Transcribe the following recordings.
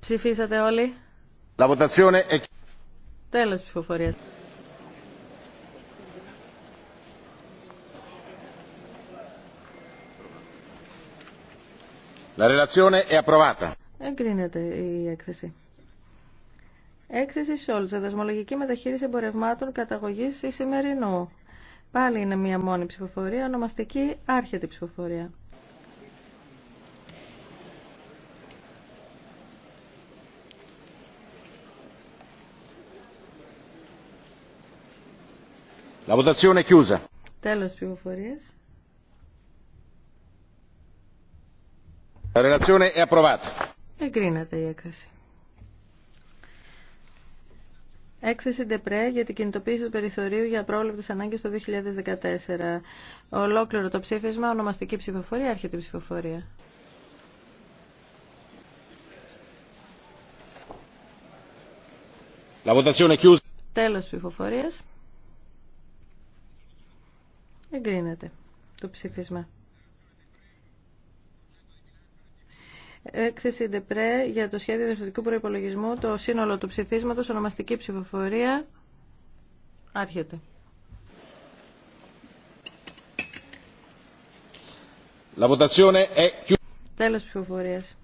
Ψηφίσατε όλοι. La votazione è... Τέλος ψηφοφορίας. La relazione è approvata. Εγκρίνεται η έκθεση. Έκθεση Σόλτ, δεσμολογική μεταχείριση εμπορευμάτων καταγωγή ή σημερινού. Πάλι είναι μία μόνη ψηφοφορία, ονομαστική άρχεται ψηφοφορία. La votazione è chiusa. Τέλος La relazione è approvata. Εγκρίνεται η έκθεση. Έκθεση Ντεπρέ για την κινητοποίηση του περιθωρίου για πρόβλεπτε ανάγκε το 2014. Ολόκληρο το ψήφισμα, ονομαστική ψηφοφορία, έρχεται η ψηφοφορία. Τέλο votazione chiusa. Εγκρίνεται το ψήφισμα. Έκθεση ΔΕΠΡΕ για το σχέδιο διευθυντικού προϋπολογισμού, το σύνολο του ψηφίσματος, ονομαστική ψηφοφορία. Άρχεται. La votazione è chiusa. Τέλος ψηφοφορίας.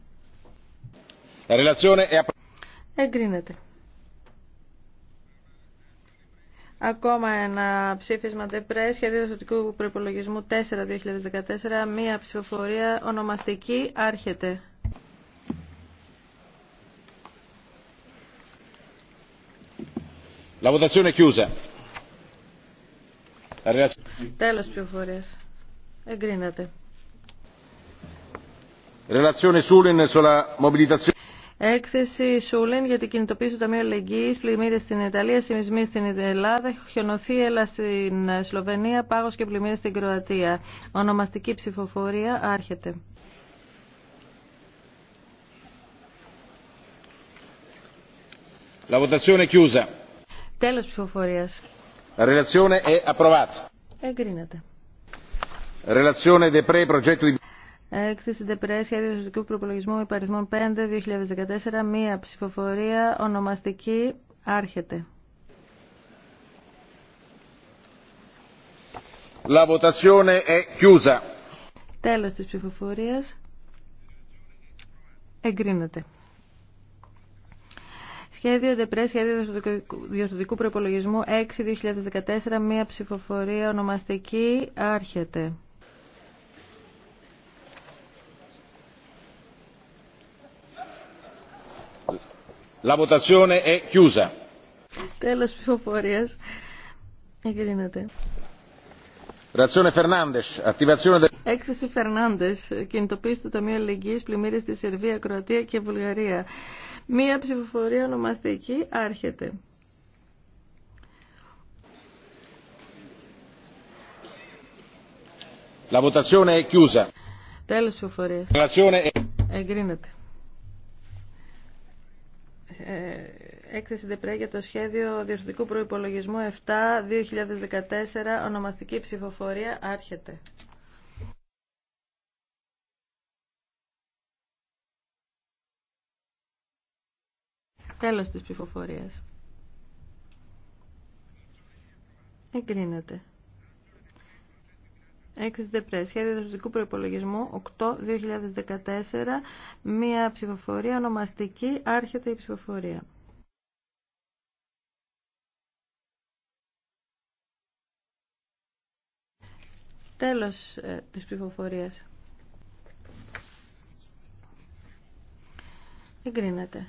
La relazione è Εγκρίνεται. Ακόμα ένα ψήφισμα ΤΕΠΡΕ, σχέδιο δοτικού προπολογισμού 4-2014, μία ψηφοφορία ονομαστική άρχεται. La votazione è chiusa. Τέλος ψηφοφορίας. Εγκρίνατε. Relazione Sulin sulla mobilitazione Έκθεση Σούλεν για την κινητοποίηση του Ταμείου Αλληλεγγύη, πλημμύρε στην Ιταλία, σημισμοί στην Ελλάδα, χιονοθύελα έλα στην Σλοβενία, πάγο και πλημμύρε στην Κροατία. Ονομαστική ψηφοφορία άρχεται. La votazione chiusa. Τέλος ψηφοφορίας. La relazione è approvata. Εγκρίνεται. Relazione progetto di... Έκθεση ΔΕΠΡΕ, σχέδιο ζωτικού προπολογισμού υπαριθμών 5 2014. Μία ψηφοφορία ονομαστική άρχεται. La votazione è chiusa. Τέλος της ψηφοφορίας. Εγκρίνεται. Σχέδιο ΔΕΠΡΕ, σχέδιο διορθωτικού προπολογισμού 6-2014, μία ψηφοφορία ονομαστική άρχεται. La votazione è chiusa. Τέλος ψηφοφορίας. Εγκρίνεται. Έκθεση Φερνάντες, Κινητοποίηση του Ταμείου Αλληλεγγύη πλημμύρε στη Σερβία, Κροατία και Βουλγαρία. Μία ψηφοφορία ονομαστική άρχεται. La votazione è chiusa. Τέλος ψηφοφορίας. Εγκρίνεται. Ε, έκθεση ΔΕΠΡΕ για το σχέδιο διορθωτικού προϋπολογισμού 7-2014, ονομαστική ψηφοφορία, άρχεται. Τέλος της ψηφοφορίας. Εγκρίνεται. Έκθεση ΔΕΠΡΕ. Σχέδιο δοσοτικού προπολογισμού 8-2014. Μία ψηφοφορία ονομαστική. Άρχεται η ψηφοφορία. Τέλος ε, της ψηφοφορίας. Εγκρίνεται.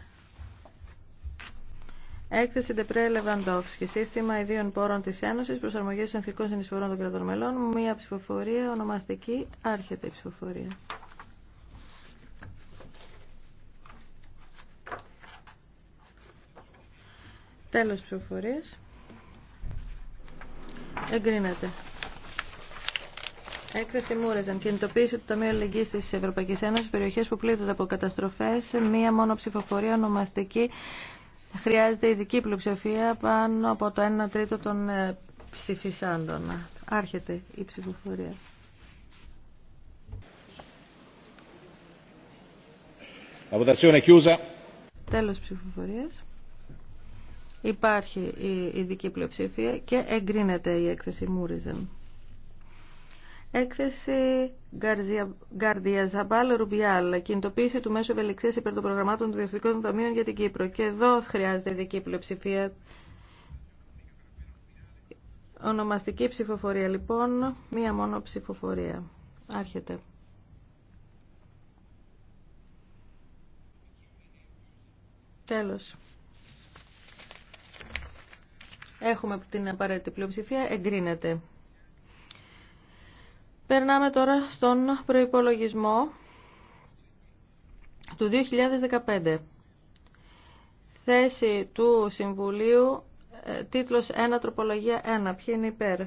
Έκθεση Ντεπρέ Λεβαντόφσκι. Σύστημα ιδίων πόρων τη Ένωση. Προσαρμογέ των εθνικών συνεισφορών των κρατών μελών. Μία ψηφοφορία. Ονομαστική. Άρχεται η ψηφοφορία. Τέλος ψηφοφορίας. Εγκρίνεται. Έκθεση Μούρεζαν. Κινητοποίηση του Ταμείου Αλληλεγγύη τη Ευρωπαϊκή Ένωση. Περιοχέ που πλήττονται από καταστροφέ. Μία μόνο ψηφοφορία ονομαστική χρειάζεται ειδική πλειοψηφία πάνω από το 1 τρίτο των ε, ψηφισάντων. Άρχεται η ψηφοφορία. La votazione Τέλος ψηφοφορίας. Υπάρχει η ειδική πλειοψηφία και εγκρίνεται η έκθεση Μούριζεν. Έκθεση Γκαρδία Ζαμπάλ Ρουμπιάλ. Κινητοποίηση του μέσου ευελιξία υπέρ των προγραμμάτων των Διευθυντικών Ταμείων για την Κύπρο. Και εδώ χρειάζεται ειδική πλειοψηφία. Ονομαστική ψηφοφορία λοιπόν. Μία μόνο ψηφοφορία. Άρχεται. Τέλος. Έχουμε την απαραίτητη πλειοψηφία. Εγκρίνεται. Περνάμε τώρα στον προϋπολογισμό του 2015. Θέση του Συμβουλίου, ε, τίτλος 1, τροπολογία 1. Ποιοι είναι υπέρ.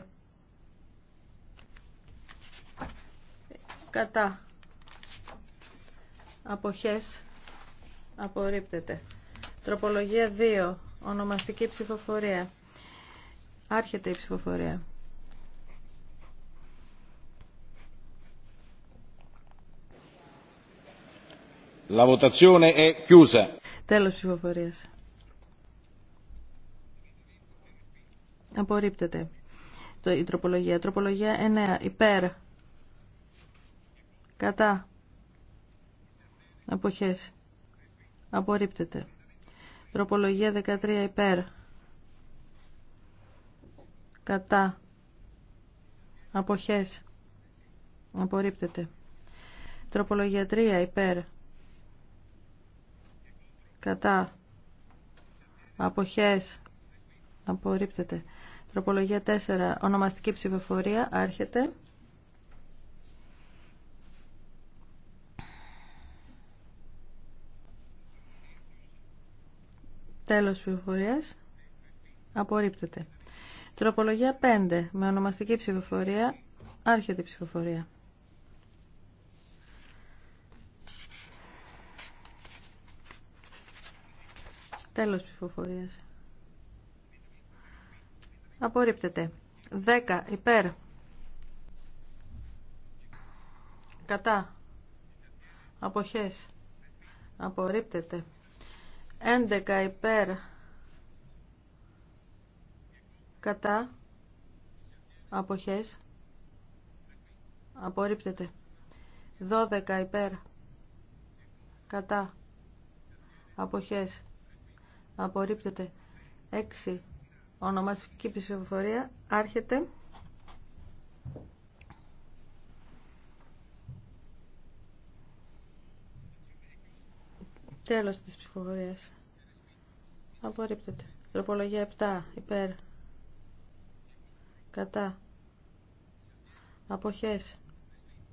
Κατά. Αποχές. Απορρίπτεται. Τροπολογία 2. Ονομαστική ψηφοφορία. Άρχεται η ψηφοφορία. La votazione è ψηφοφορίας. Απορρίπτεται το, η τροπολογία. Τροπολογία 9. Υπέρ. Κατά. Αποχές. Απορρίπτεται. Τροπολογία 13. Υπέρ. Κατά. Αποχές. Απορρίπτεται. Τροπολογία 3. Υπέρ κατά αποχές απορρίπτεται τροπολογία 4 ονομαστική ψηφοφορία άρχεται τέλος ψηφοφορίας απορρίπτεται τροπολογία 5 με ονομαστική ψηφοφορία άρχεται η ψηφοφορία Τέλος ψηφοφορίας. Απορρίπτεται. 10 υπέρ. Κατά. Αποχές. Απορρίπτεται. 11 υπέρ. Κατά. Αποχές. Απορρίπτεται. 12 υπέρ. Κατά. Αποχές απορρίπτεται 6 ονομαστική ψηφοφορία άρχεται τέλος της ψηφοφορίας απορρίπτεται τροπολογία 7 υπέρ κατά αποχές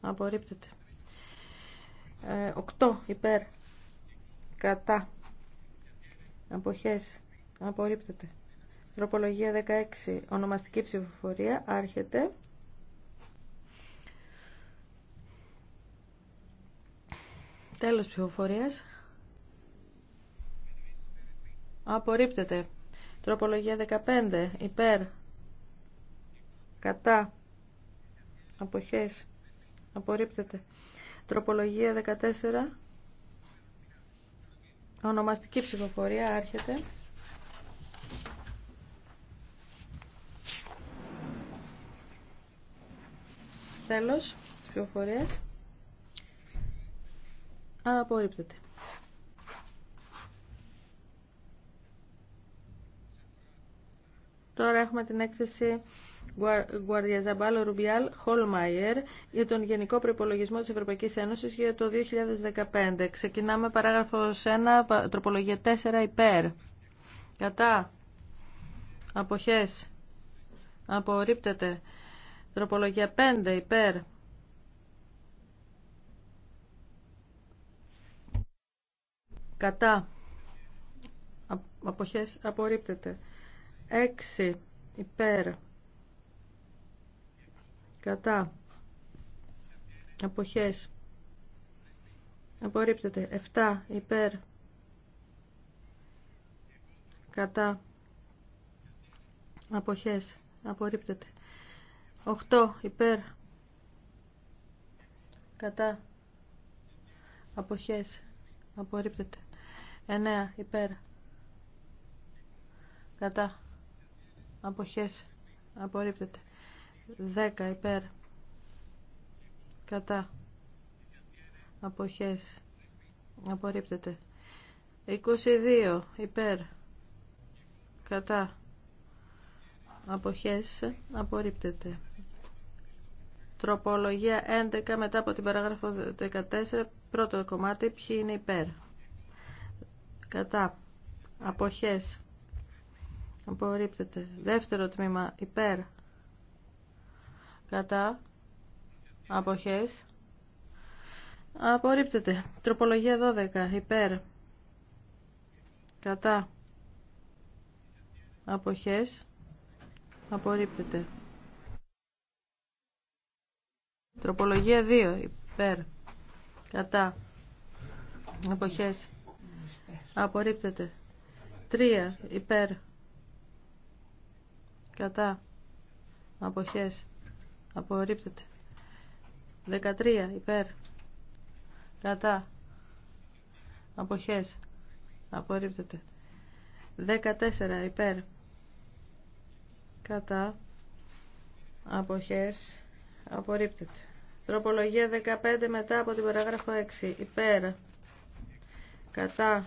απορρίπτεται 8 ε, υπέρ κατά Αποχές. Απορρίπτεται. Τροπολογία 16. Ονομαστική ψηφοφορία. Άρχεται. Τέλος ψηφοφορίας. Απορρίπτεται. Τροπολογία 15. Υπέρ. Κατά. Αποχές. Απορρίπτεται. Τροπολογία 14. Ονομαστική ψηφοφορία άρχεται. Τέλος της ψηφοφορίας. Απορρίπτεται. Τώρα έχουμε την έκθεση Γκουαρδιαζαμπάλο Ρουμπιάλ Χολμάιερ για τον Γενικό Προπολογισμό της Ευρωπαϊκής Ένωσης για το 2015. Ξεκινάμε παράγραφος 1, τροπολογία 4 υπέρ. Κατά. Αποχές. Απορρίπτεται. Τροπολογία 5 υπέρ. Κατά. Αποχές απορρίπτεται. 6 υπέρ κατά αποχές απορρίπτεται 7 υπέρ κατά αποχές απορρίπτεται 8 υπέρ κατά αποχές απορρίπτεται 9 υπέρ κατά αποχές απορρίπτεται 10 υπέρ κατά αποχές απορρίπτεται 22 υπέρ κατά αποχές απορρίπτεται τροπολογία 11 μετά από την παράγραφο 14 πρώτο κομμάτι ποιοι είναι υπέρ κατά αποχές απορρίπτεται δεύτερο τμήμα υπέρ κατά αποχές απορρίπτεται τροπολογία 12 υπέρ κατά αποχές απορρίπτεται τροπολογία 2 υπέρ κατά αποχές απορρίπτεται 3 υπέρ κατά αποχές Απορρίπτεται. 13 υπέρ. Κατά. Αποχές. Απορρίπτεται. 14 υπέρ. Κατά. Αποχές. Απορρίπτεται. Τροπολογία 15 μετά από την παράγραφο 6. Υπέρ. Κατά.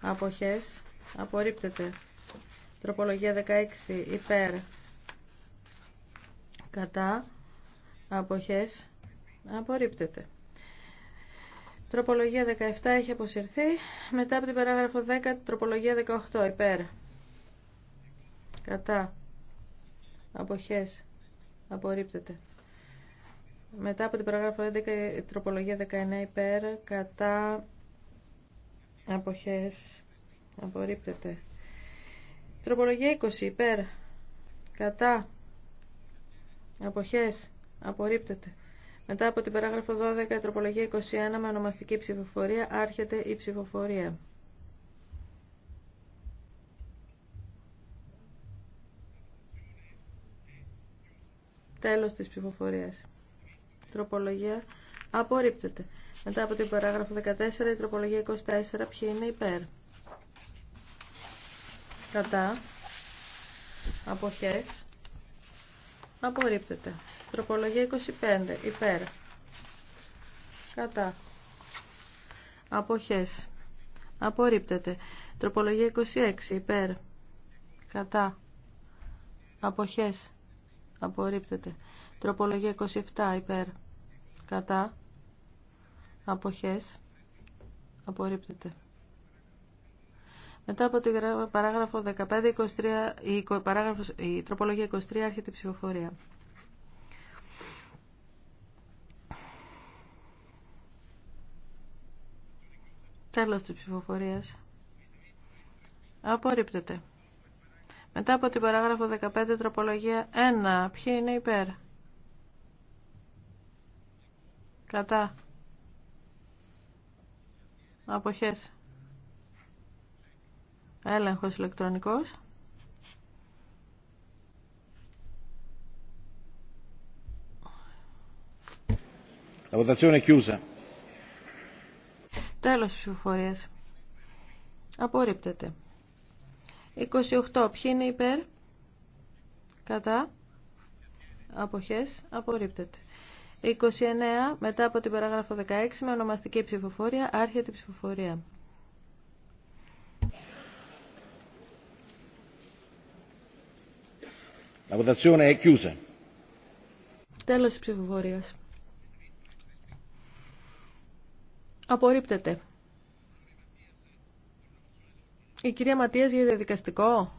Αποχές. Απορρίπτεται. Τροπολογία 16. Υπέρ κατά αποχές απορρίπτεται. Τροπολογία 17 έχει αποσυρθεί. Μετά από την παράγραφο 10, τροπολογία 18 υπέρ. Κατά. Αποχές. Απορρίπτεται. Μετά από την παράγραφο 11, τροπολογία 19 υπέρ. Κατά. Αποχές. Απορρίπτεται. Τροπολογία 20 υπέρ. Κατά. Αποχές. Απορρίπτεται. Μετά από την παράγραφο 12, τροπολογία 21 με ονομαστική ψηφοφορία, άρχεται η ψηφοφορία. Τέλος της ψηφοφορίας. Τροπολογία απορρίπτεται. Μετά από την παράγραφο 14, η τροπολογία 24, ποιοι είναι υπέρ. Κατά. Αποχές. Απορρίπτεται. Τροπολογία 25. Υπέρ. Κατά. Αποχές. Απορρίπτεται. Τροπολογία 26. Υπέρ. Κατά. Αποχές. Απορρίπτεται. Τροπολογία 27. Υπέρ. Κατά. Αποχές. Απορρίπτεται. Μετά από την παράγραφο 15, 23, η, η τροπολογία 23 έρχεται η ψηφοφορία. Τέλος της ψηφοφορίας. Απορρίπτεται. Μετά από την παράγραφο 15, τροπολογία 1. Ποιοι είναι υπέρ. Κατά. Αποχές. Έλεγχος ηλεκτρονικός. La votazione è Τέλος ψηφοφορίας. Απορρίπτεται. 28. Ποιοι είναι υπέρ? Κατά. Αποχές. Απορρίπτεται. 29. Μετά από την παράγραφο 16 με ονομαστική ψηφοφορία άρχεται η ψηφοφορία. Τέλο Απορρίπτεται. Η κυρία Ματίας για διαδικαστικό.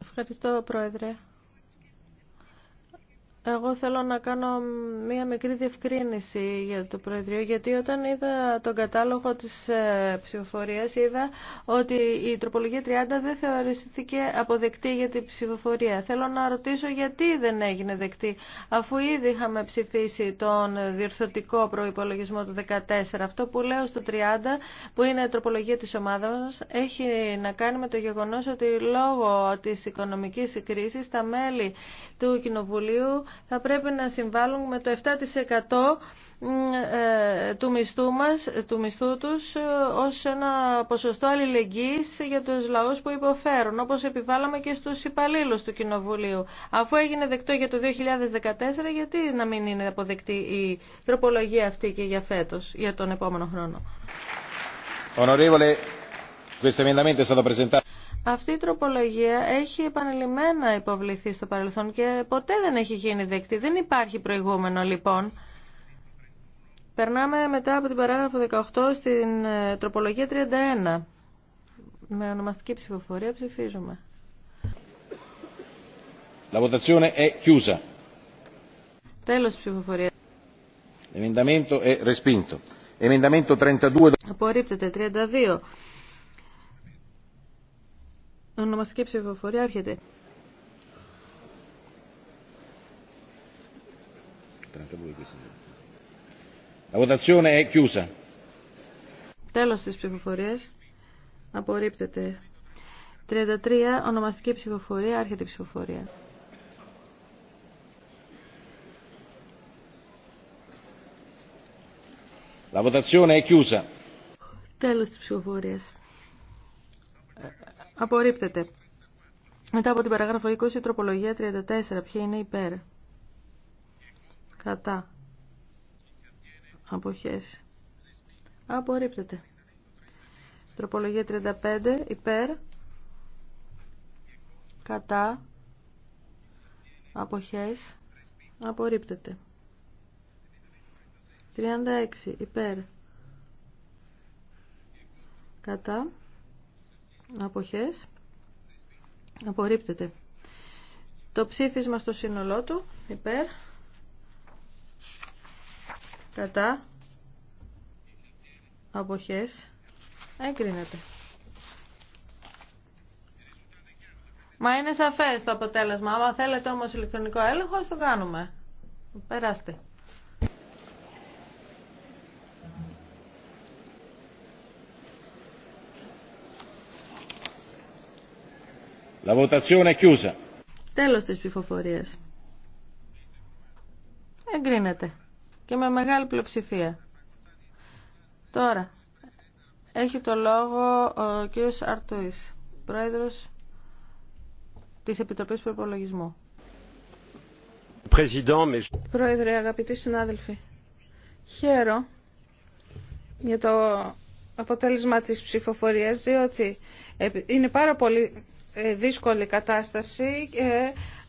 Ευχαριστώ, Πρόεδρε. Εγώ θέλω να κάνω μία μικρή διευκρίνηση για το Προεδρείο, γιατί όταν είδα τον κατάλογο της ε, ψηφοφορίας είδα ότι η τροπολογία 30 δεν θεωρηστήκε αποδεκτή για την ψηφοφορία. Θέλω να ρωτήσω γιατί δεν έγινε δεκτή, αφού ήδη είχαμε ψηφίσει τον διορθωτικό προϋπολογισμό του 14. Αυτό που λέω στο 30, που είναι η τροπολογία της ομάδας μας, έχει να κάνει με το γεγονός ότι λόγω της οικονομικής κρίσης τα μέλη του Κοινοβουλίου θα πρέπει να συμβάλλουν με το 7% ε, του μισθού μας, του μισθού τους ε, ως ένα ποσοστό αλληλεγγύης για τους λαούς που υποφέρουν, όπως επιβάλαμε και στους υπαλλήλου του Κοινοβουλίου. Αφού έγινε δεκτό για το 2014, γιατί να μην είναι αποδεκτή η τροπολογία αυτή και για φέτος, για τον επόμενο χρόνο. Αυτή η τροπολογία έχει επανειλημμένα υποβληθεί στο παρελθόν και ποτέ δεν έχει γίνει δεκτή. Δεν υπάρχει προηγούμενο λοιπόν. Περνάμε μετά από την παράγραφο 18 στην ε, τροπολογία 31. Με ονομαστική ψηφοφορία ψηφίζουμε. La votazione è chiusa. Τέλος ψηφοφορία. Emendamento è respinto. Emendamento 32. Απορρίπτεται 32. Ονομαστική ψηφοφορία έρχεται. La votazione è chiusa. Τέλος της ψηφοφορίας. Απορρίπτεται. 33. Ονομαστική ψηφοφορία. Άρχεται η ψηφοφορία. La votazione è chiusa. Τέλος της ψηφοφορίας. Απορρίπτεται. Μετά από την παράγραφο 20, τροπολογία 34. Ποια είναι υπέρ. Κατά. Αποχές. Απορρίπτεται. Τροπολογία 35. Υπέρ. Κατά. Αποχές. Απορρίπτεται. 36. Υπέρ. Κατά αποχές απορρίπτεται το ψήφισμα στο σύνολό του υπέρ κατά αποχές εγκρίνεται Μα είναι σαφές το αποτέλεσμα. Άμα θέλετε όμως ηλεκτρονικό έλεγχο, ας το κάνουμε. Περάστε. La votazione è Τέλος της ψηφοφορίας. Εγκρίνεται. Και με μεγάλη πλειοψηφία. Τώρα, έχει το λόγο ο κύριος Αρτουής, πρόεδρος της Επιτροπής Προπολογισμού. Πρόεδρε, αγαπητοί συνάδελφοι, χαίρο για το αποτέλεσμα της ψηφοφορίας, διότι είναι πάρα πολύ ε, δύσκολη κατάσταση ε,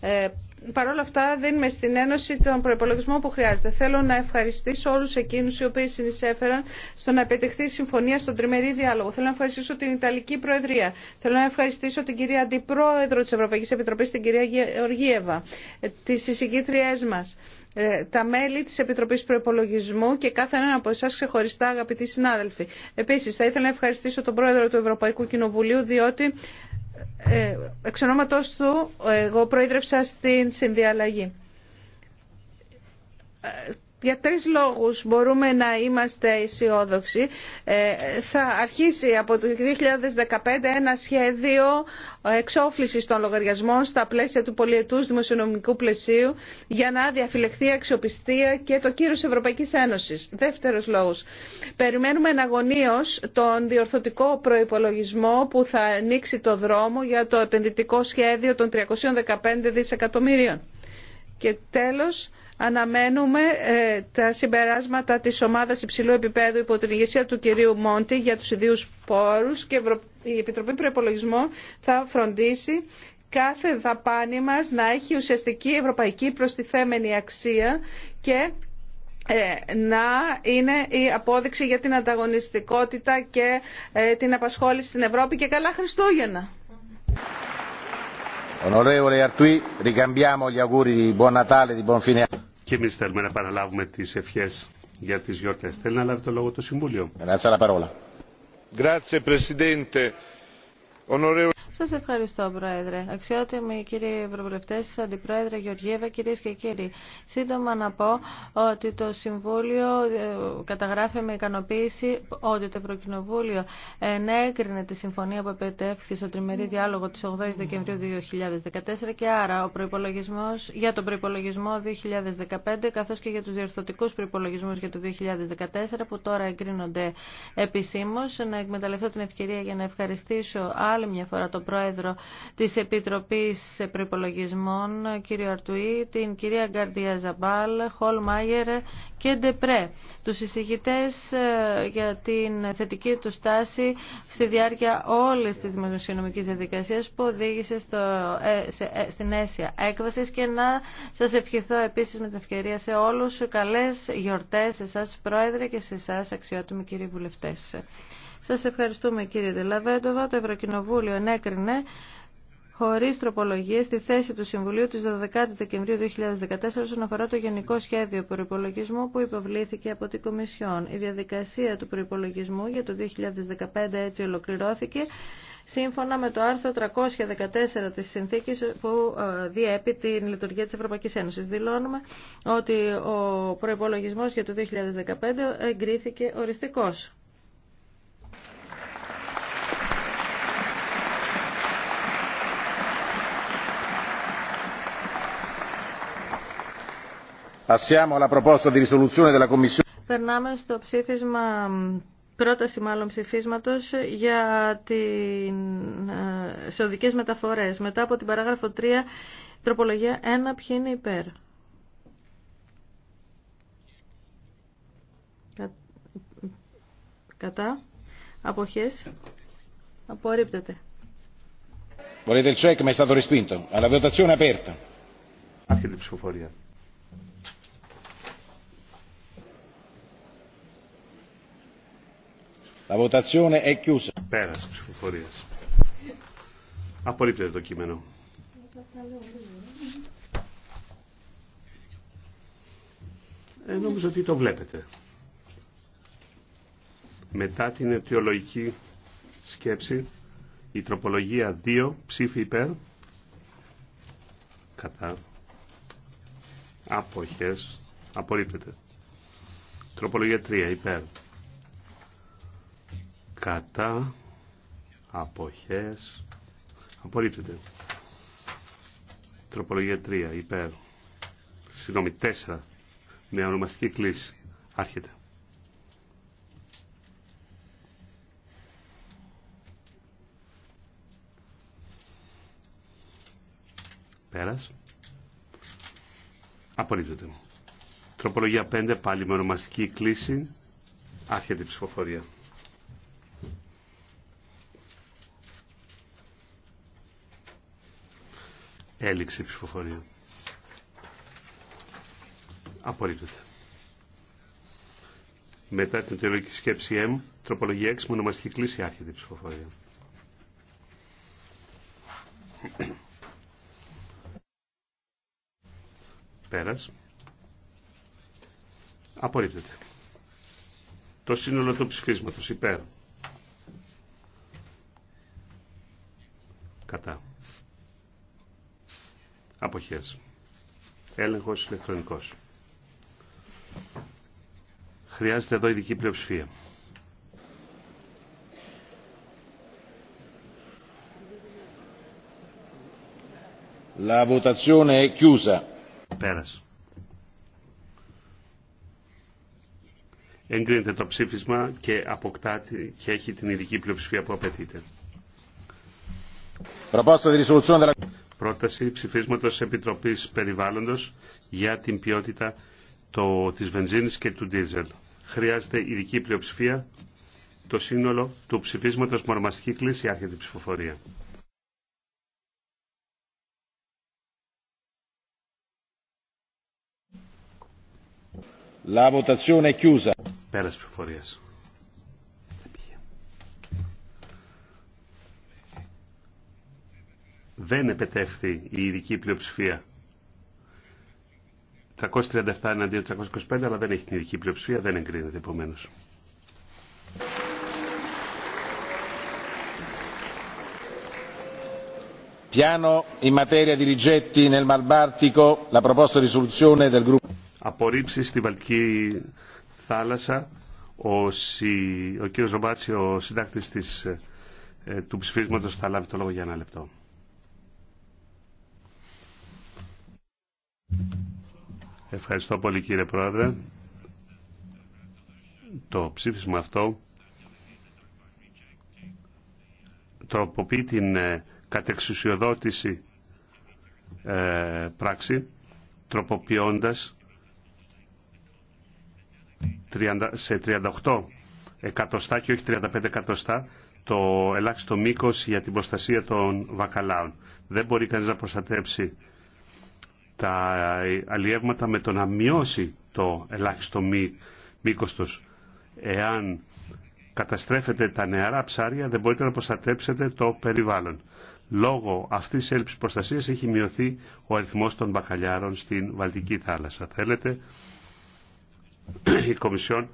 παρόλα Παρ' όλα αυτά δίνουμε στην Ένωση τον προπολογισμό που χρειάζεται. Θέλω να ευχαριστήσω όλου εκείνου οι οποίοι συνεισέφεραν στο να επιτευχθεί η συμφωνία στον τριμερή διάλογο. Θέλω να ευχαριστήσω την Ιταλική Προεδρία. Θέλω να ευχαριστήσω την κυρία Αντιπρόεδρο τη Ευρωπαϊκή Επιτροπή, την κυρία Γεωργίεβα. Ε, τι συζητήτριέ μα, τα μέλη τη Επιτροπή Προπολογισμού και κάθε έναν από εσά ξεχωριστά, αγαπητοί συνάδελφοι. Επίση, θα ήθελα να ευχαριστήσω τον Πρόεδρο του Ευρωπαϊκού Κοινοβουλίου, διότι ε, εξ ονόματος του εγώ προείδρευσα στην συνδιαλλαγή ε, για τρεις λόγους μπορούμε να είμαστε αισιόδοξοι. Ε, θα αρχίσει από το 2015 ένα σχέδιο εξόφλησης των λογαριασμών στα πλαίσια του πολιετούς δημοσιονομικού πλαισίου για να διαφυλεχθεί η αξιοπιστία και το κύρος Ευρωπαϊκής Ένωσης. Δεύτερος λόγος. Περιμένουμε εναγωνίως τον διορθωτικό προϋπολογισμό που θα ανοίξει το δρόμο για το επενδυτικό σχέδιο των 315 δισεκατομμύριων. Και τέλος, Αναμένουμε ε, τα συμπεράσματα της ομάδας υψηλού επίπεδου υπό την ηγεσία του κυρίου Μόντι για τους ιδίους πόρους και η Επιτροπή Προπολογισμών θα φροντίσει κάθε δαπάνη μας να έχει ουσιαστική ευρωπαϊκή προστιθέμενη αξία και ε, να είναι η απόδειξη για την ανταγωνιστικότητα και ε, την απασχόληση στην Ευρώπη και καλά Χριστούγεννα. Onorevole Artui, ricambiamo gli και εμεί θέλουμε να παραλάβουμε τι ευχέ για τι γιορτέ. Θέλει να λάβει το λόγο το Συμβούλιο. Grazie, Presidente. Σας ευχαριστώ, Πρόεδρε. Αξιότιμοι κύριοι Ευρωβουλευτές, Αντιπρόεδρε Γεωργίευα, κύριε και κύριοι. Σύντομα να πω ότι το Συμβούλιο ε, καταγράφει με ικανοποίηση ότι το Ευρωκοινοβούλιο ενέκρινε τη συμφωνία που επετεύχθη στο τριμερή διάλογο της 8 Δεκεμβρίου 2014 και άρα ο προϋπολογισμός, για τον προϋπολογισμό 2015 καθώς και για τους διορθωτικούς προϋπολογισμούς για το 2014 που τώρα εγκρίνονται επισήμως. Να εκμεταλλευτώ την ευκαιρία για να ευχαριστήσω άλλη μια φορά το πρόεδρο της Επιτροπής Προπολογισμών, κύριο Αρτουή, την κυρία Γκαρδία Ζαμπάλ, Χολμάγερ και Ντεπρέ, τους εισηγητές ε, για την θετική του στάση στη διάρκεια όλης της δημοσιονομικής διαδικασίας που οδήγησε στο, ε, ε, στην αίσια έκβαση και να σας ευχηθώ επίσης με την ευκαιρία σε όλους καλές γιορτές σε εσάς Πρόεδρε και σε εσάς αξιότιμοι κύριοι βουλευτές. Σας ευχαριστούμε κύριε Τελαβέντοβα. Το Ευρωκοινοβούλιο ενέκρινε χωρί τροπολογίε στη θέση του Συμβουλίου τη 12η Δεκεμβρίου 2014 όσον αφορά το Γενικό Σχέδιο Προπολογισμού που υποβλήθηκε από την Κομισιόν. Η διαδικασία του προπολογισμού για το 2015 έτσι ολοκληρώθηκε σύμφωνα με το άρθρο 314 της συνθήκης που ε, διέπει την λειτουργία της Ευρωπαϊκής Ένωσης. Δηλώνουμε ότι ο προϋπολογισμός για το 2015 εγκρίθηκε οριστικός. Περνάμε στο ψήφισμα, πρόταση μάλλον ψηφίσματος για τις ε, οδικές μεταφορές. Μετά από την παράγραφο 3, τροπολογία 1, ποιοι είναι υπέρ. Κατά. Αποχές. Απορρίπτεται. Volete il check, ma è stato respinto. Alla votazione aperta. Άρχεται η ψηφοφορία. La votazione è chiusa. Απορρίπτεται το κείμενο. Ε, νομίζω ότι το βλέπετε. Μετά την αιτιολογική σκέψη, η τροπολογία 2, ψήφι υπέρ, κατά, αποχές, απορρίπτεται. Τροπολογία 3, υπέρ, κατά αποχές απορρίπτεται τροπολογία 3 υπέρ συγγνώμη 4 με ναι, ονομαστική κλίση άρχεται πέρας απορρίπτεται τροπολογία 5 πάλι με ονομαστική κλίση άρχεται η ψηφοφορία Έληξη ψηφοφορία. Απορρίπτεται. Μετά την τελευταία σκέψη M, τροπολογία 6 μονομαστική κλίση άρχεται η ψηφοφορία. Πέρας. Απορρίπτεται. Το σύνολο του ψηφίσματος υπέρ. εποχές. Έλεγχος ηλεκτρονικός. Χρειάζεται εδώ ειδική πλειοψηφία. La votazione è chiusa. Πέρασε. Εγκρίνεται το ψήφισμα και αποκτά και έχει την ειδική πλειοψηφία που απαιτείται. Proposta di risoluzione della πρόταση ψηφίσματος Επιτροπής Περιβάλλοντος για την ποιότητα το, της βενζίνης και του διζελ. Χρειάζεται ειδική πλειοψηφία το σύνολο του ψηφίσματος Μορμαστική κλίση άρχεται ψηφοφορία. La votazione è Πέρας ψηφοφορίας. δεν επετεύχθη η ειδική πλειοψηφία. 337 εναντίον 325, αλλά δεν έχει την ειδική πλειοψηφία, δεν εγκρίνεται επομένω. Piano in materia di rigetti nel Mar Baltico, la proposta di risoluzione del gruppo. Απορρίψει στη Βαλτική θάλασσα, ο, o ο κ. Ζομπάτσι, ο συντάκτης της, ε, του ψηφίσματος, θα λάβει το λόγο για ένα λεπτό. Ευχαριστώ πολύ κύριε Πρόεδρε. Το ψήφισμα αυτό τροποποιεί την ε, κατεξουσιοδότηση ε, πράξη τροποποιώντας σε 38 εκατοστά και όχι 35 εκατοστά το ελάχιστο μήκος για την προστασία των βακαλάων. Δεν μπορεί κανείς να προστατέψει τα αλλιεύματα με το να μειώσει το ελάχιστο μη, μήκος τους. Εάν καταστρέφετε τα νεαρά ψάρια δεν μπορείτε να προστατέψετε το περιβάλλον. Λόγω αυτής της έλλειψης προστασίας έχει μειωθεί ο αριθμός των μπακαλιάρων στην Βαλτική θάλασσα. Θέλετε, η Κομισιόν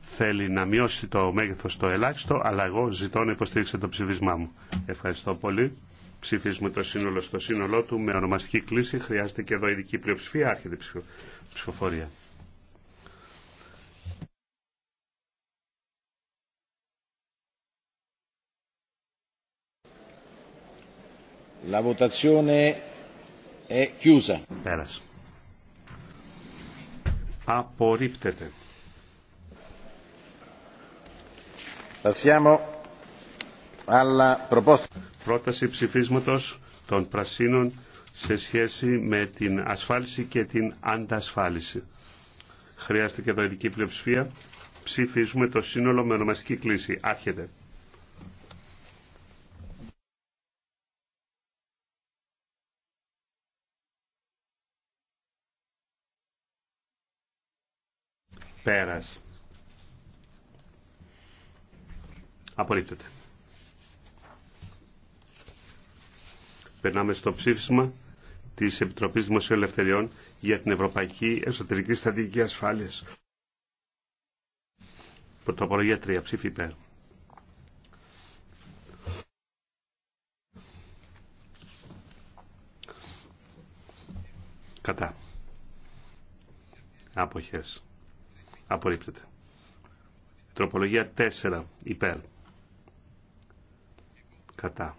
θέλει να μειώσει το μέγεθος το ελάχιστο, αλλά εγώ ζητώ να υποστήριξετε το ψηφισμά μου. Ευχαριστώ πολύ ψηφίσουμε το σύνολο στο σύνολό του με ονομαστική κλίση. Χρειάζεται και εδώ ειδική πλειοψηφία, άρχεται ψηφοφορία. La votazione è chiusa. Πέρασε. Απορρίπτεται. Passiamo αλλά Πρόταση ψηφίσματος των πρασίνων σε σχέση με την ασφάλιση και την αντασφάλιση. Χρειάστηκε εδώ ειδική πλειοψηφία. Ψηφίζουμε το σύνολο με ονομαστική κλίση. Άρχεται. Πέρας. Απορρίπτεται. Περνάμε στο ψήφισμα τη Επιτροπή Δημοσίου Ελευθεριών για την Ευρωπαϊκή Εσωτερική Στρατηγική Ασφάλεια. Τροπολογία 3. Ψήφι υπέρ. Κατά. Αποχές. Απορρίπτεται. Τροπολογία 4. Υπέρ. Κατά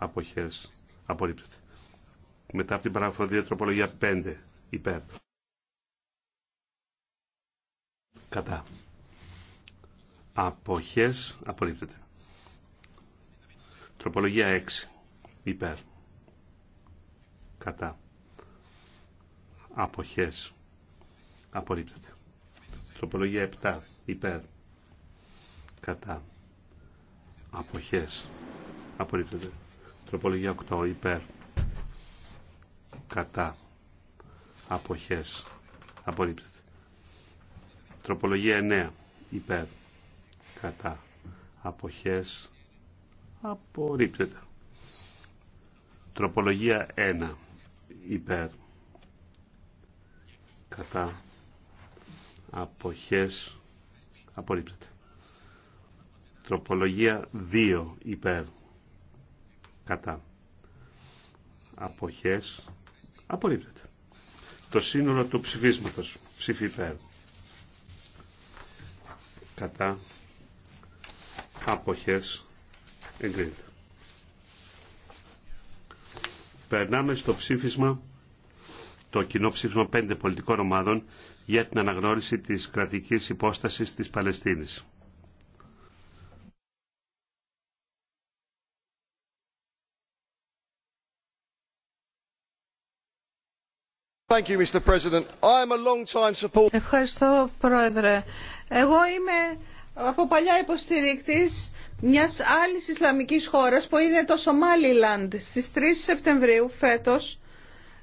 αποχές απορρίπτεται. Μετά από την παράφορα 2 τροπολογία 5 υπέρ. Κατά. Αποχές απορρίπτεται. Τροπολογία 6 υπέρ. Κατά. Αποχές απορρίπτεται. Τροπολογία 7 υπέρ. Κατά. Αποχές απορρίπτεται. Τροπολογία 8 υπέρ κατά αποχές απορρίπτεται. Τροπολογία 9 υπέρ κατά αποχές απορρίπτεται. Τροπολογία 1 υπέρ κατά αποχές απορρίπτεται. Τροπολογία 2 υπέρ κατά αποχές απορρίπτεται. Το σύνολο του ψηφίσματος ψηφί κατά αποχές εγκρίνεται. Περνάμε στο ψήφισμα το κοινό ψήφισμα πέντε πολιτικών ομάδων για την αναγνώριση της κρατικής υπόστασης της Παλαιστίνης. Ευχαριστώ, Πρόεδρε. Εγώ είμαι από παλιά υποστηρίκτη μιας άλλη Ισλαμικής χώρας που είναι το Σομάλιλαντ. Στις 3 Σεπτεμβρίου φέτος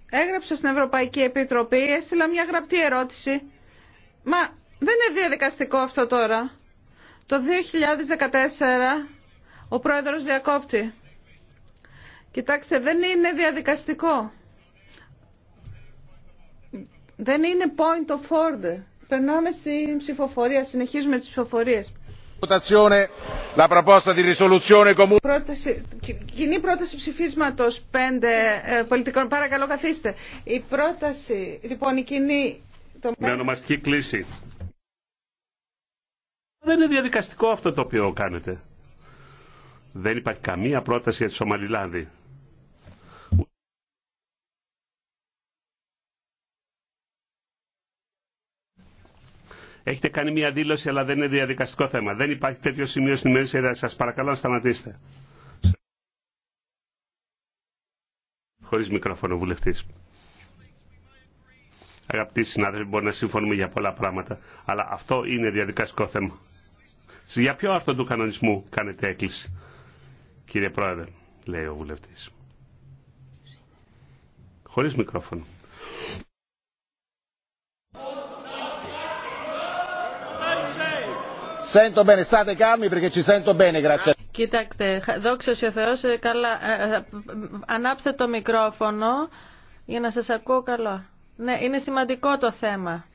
έγραψα στην Ευρωπαϊκή Επιτροπή, έστειλα μια γραπτή ερώτηση. Μα δεν είναι διαδικαστικό αυτό τώρα. Το 2014 ο πρόεδρος διακόπτει. Κοιτάξτε, δεν είναι διαδικαστικό. Δεν είναι point of order. Περνάμε στην ψηφοφορία. Συνεχίζουμε τις ψηφοφορίες. Πρόταση, κοινή πρόταση ψηφίσματος πέντε ε, πολιτικών. Παρακαλώ καθίστε. Η πρόταση, λοιπόν, η κοινή... Το... Με ονομαστική κλίση. Δεν είναι διαδικαστικό αυτό το οποίο κάνετε. Δεν υπάρχει καμία πρόταση για τη Σομαλιλάνδη. Έχετε κάνει μια δήλωση αλλά δεν είναι διαδικαστικό θέμα. Δεν υπάρχει τέτοιο σημείο στην μέρες. Σας παρακαλώ να σταματήσετε. Χωρί μικρόφωνο βουλευτής. Αγαπητοί συνάδελφοι, μπορεί να συμφωνούμε για πολλά πράγματα, αλλά αυτό είναι διαδικαστικό θέμα. Για ποιο άρθρο του κανονισμού κάνετε έκκληση, κύριε Πρόεδρε, λέει ο βουλευτή. Χωρί μικρόφωνο. Sento Κοιτάξτε, δόξα ο Θεό ε, καλά, ε, ε, ανάψτε το μικρόφωνο για να σα ακούω καλά. Ναι, είναι σημαντικό το θέμα.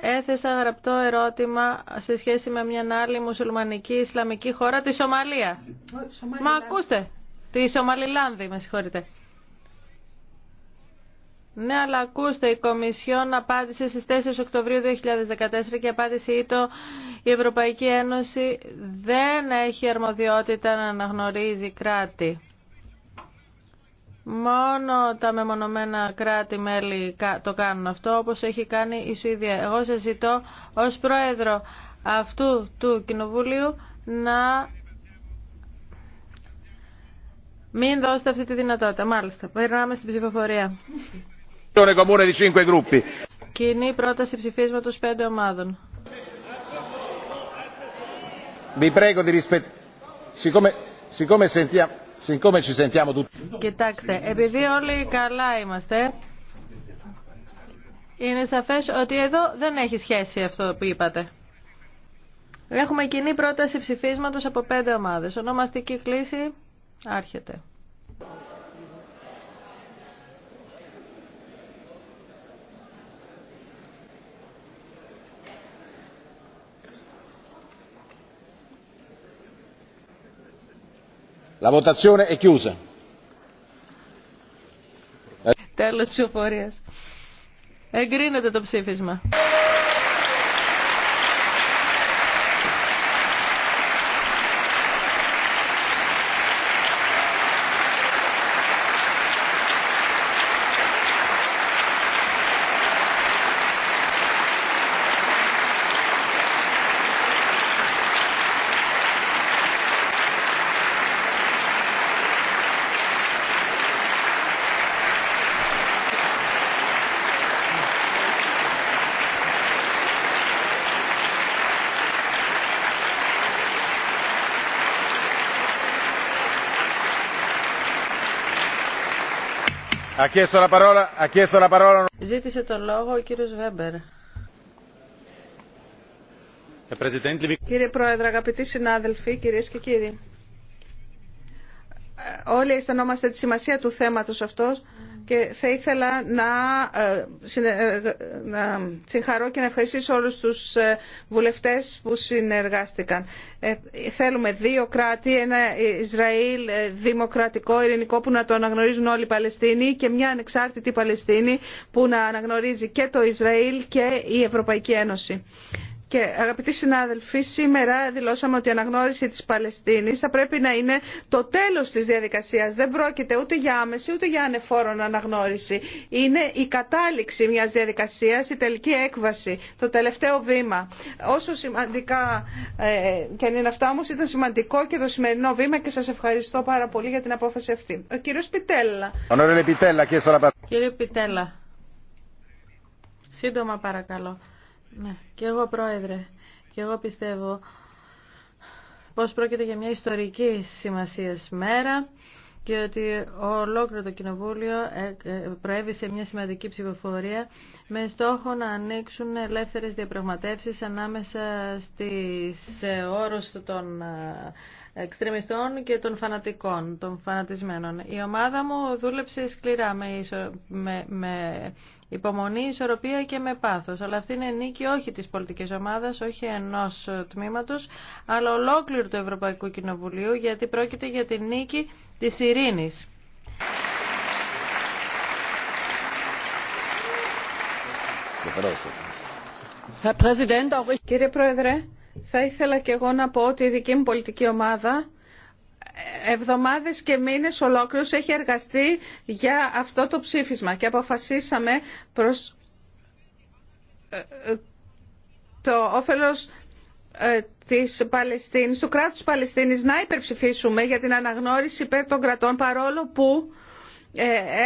Έθεσα γραπτό ερώτημα σε σχέση με μια άλλη μουσουλμανική Ισλαμική χώρα, τη Σομαλία. Μα ακούστε, τη Σομαλιλάνδη, με συγχωρείτε. Ναι, αλλά ακούστε, η Κομισιόν απάντησε στις 4 Οκτωβρίου 2014 και απάντησε ή η Ευρωπαϊκή Ένωση δεν έχει αρμοδιότητα να αναγνωρίζει κράτη. Μόνο τα μεμονωμένα κράτη-μέλη το κάνουν αυτό, όπως έχει κάνει η Σουηδία. Εγώ σας ζητώ ως πρόεδρο αυτού του Κοινοβουλίου να μην δώσετε αυτή τη δυνατότητα. Μάλιστα, περνάμε στην ψηφοφορία. Κοινή πρόταση ψηφίσματος πέντε ομάδων. Κοιτάξτε, επειδή όλοι καλά είμαστε, είναι σαφές ότι εδώ δεν έχει σχέση αυτό που είπατε. Έχουμε κοινή πρόταση ψηφίσματος από πέντε ομάδες. Ονομαστική κλίση άρχεται. La votazione è chiusa. Τέλος ψηφοφορίας. Εγκρίνεται το ψήφισμα. Ζήτησε τον λόγο ο κύριος Βέμπερ. Ε, Κύριε Πρόεδρε, αγαπητοί συνάδελφοι, κυρίες και κύριοι. Ε, όλοι αισθανόμαστε τη σημασία του θέματος αυτός και θα ήθελα να, ε, ε, να συγχαρώ και να ευχαριστήσω όλους τους ε, βουλευτές που συνεργάστηκαν. θέλουμε δύο κράτη, ένα Ισραήλ δημοκρατικό, ειρηνικό που να το αναγνωρίζουν όλοι οι Παλαιστίνοι και μια ανεξάρτητη Παλαιστίνη που να αναγνωρίζει και το Ισραήλ και η Ευρωπαϊκή Ένωση. Και αγαπητοί συνάδελφοι, σήμερα δηλώσαμε ότι η αναγνώριση της Παλαιστίνης θα πρέπει να είναι το τέλος της διαδικασίας. Δεν πρόκειται ούτε για άμεση ούτε για ανεφόρον αναγνώριση. Είναι η κατάληξη μιας διαδικασίας, η τελική έκβαση, το τελευταίο βήμα. Όσο σημαντικά ε, και αν είναι αυτά όμως ήταν σημαντικό και το σημερινό βήμα και σας ευχαριστώ πάρα πολύ για την απόφαση αυτή. Ο κύριος Πιτέλα. Κύριε Πιτέλα, σύντομα παρακαλώ. Ναι, και εγώ πρόεδρε, και εγώ πιστεύω πως πρόκειται για μια ιστορική σημασία μέρα και ότι ολόκληρο το Κοινοβούλιο ε, ε, προέβησε μια σημαντική ψηφοφορία με στόχο να ανοίξουν ελεύθερες διαπραγματεύσεις ανάμεσα στις όρους των ε, εξτρεμιστών και των φανατικών, των φανατισμένων. Η ομάδα μου δούλεψε σκληρά, με, με... υπομονή, ισορροπία και με πάθος. Αλλά αυτή είναι νίκη όχι της πολιτικής ομάδας, όχι ενός τμήματος, αλλά ολόκληρου του Ευρωπαϊκού Κοινοβουλίου, γιατί πρόκειται για τη νίκη της ειρήνης. Κύριε Πρόεδρε, θα ήθελα και εγώ να πω ότι η δική μου πολιτική ομάδα εβδομάδες και μήνες ολόκληρους έχει εργαστεί για αυτό το ψήφισμα και αποφασίσαμε προς ε, ε, το όφελος ε, της Παλαιστίνης, του κράτους Παλαιστίνης να υπερψηφίσουμε για την αναγνώριση υπέρ των κρατών παρόλο που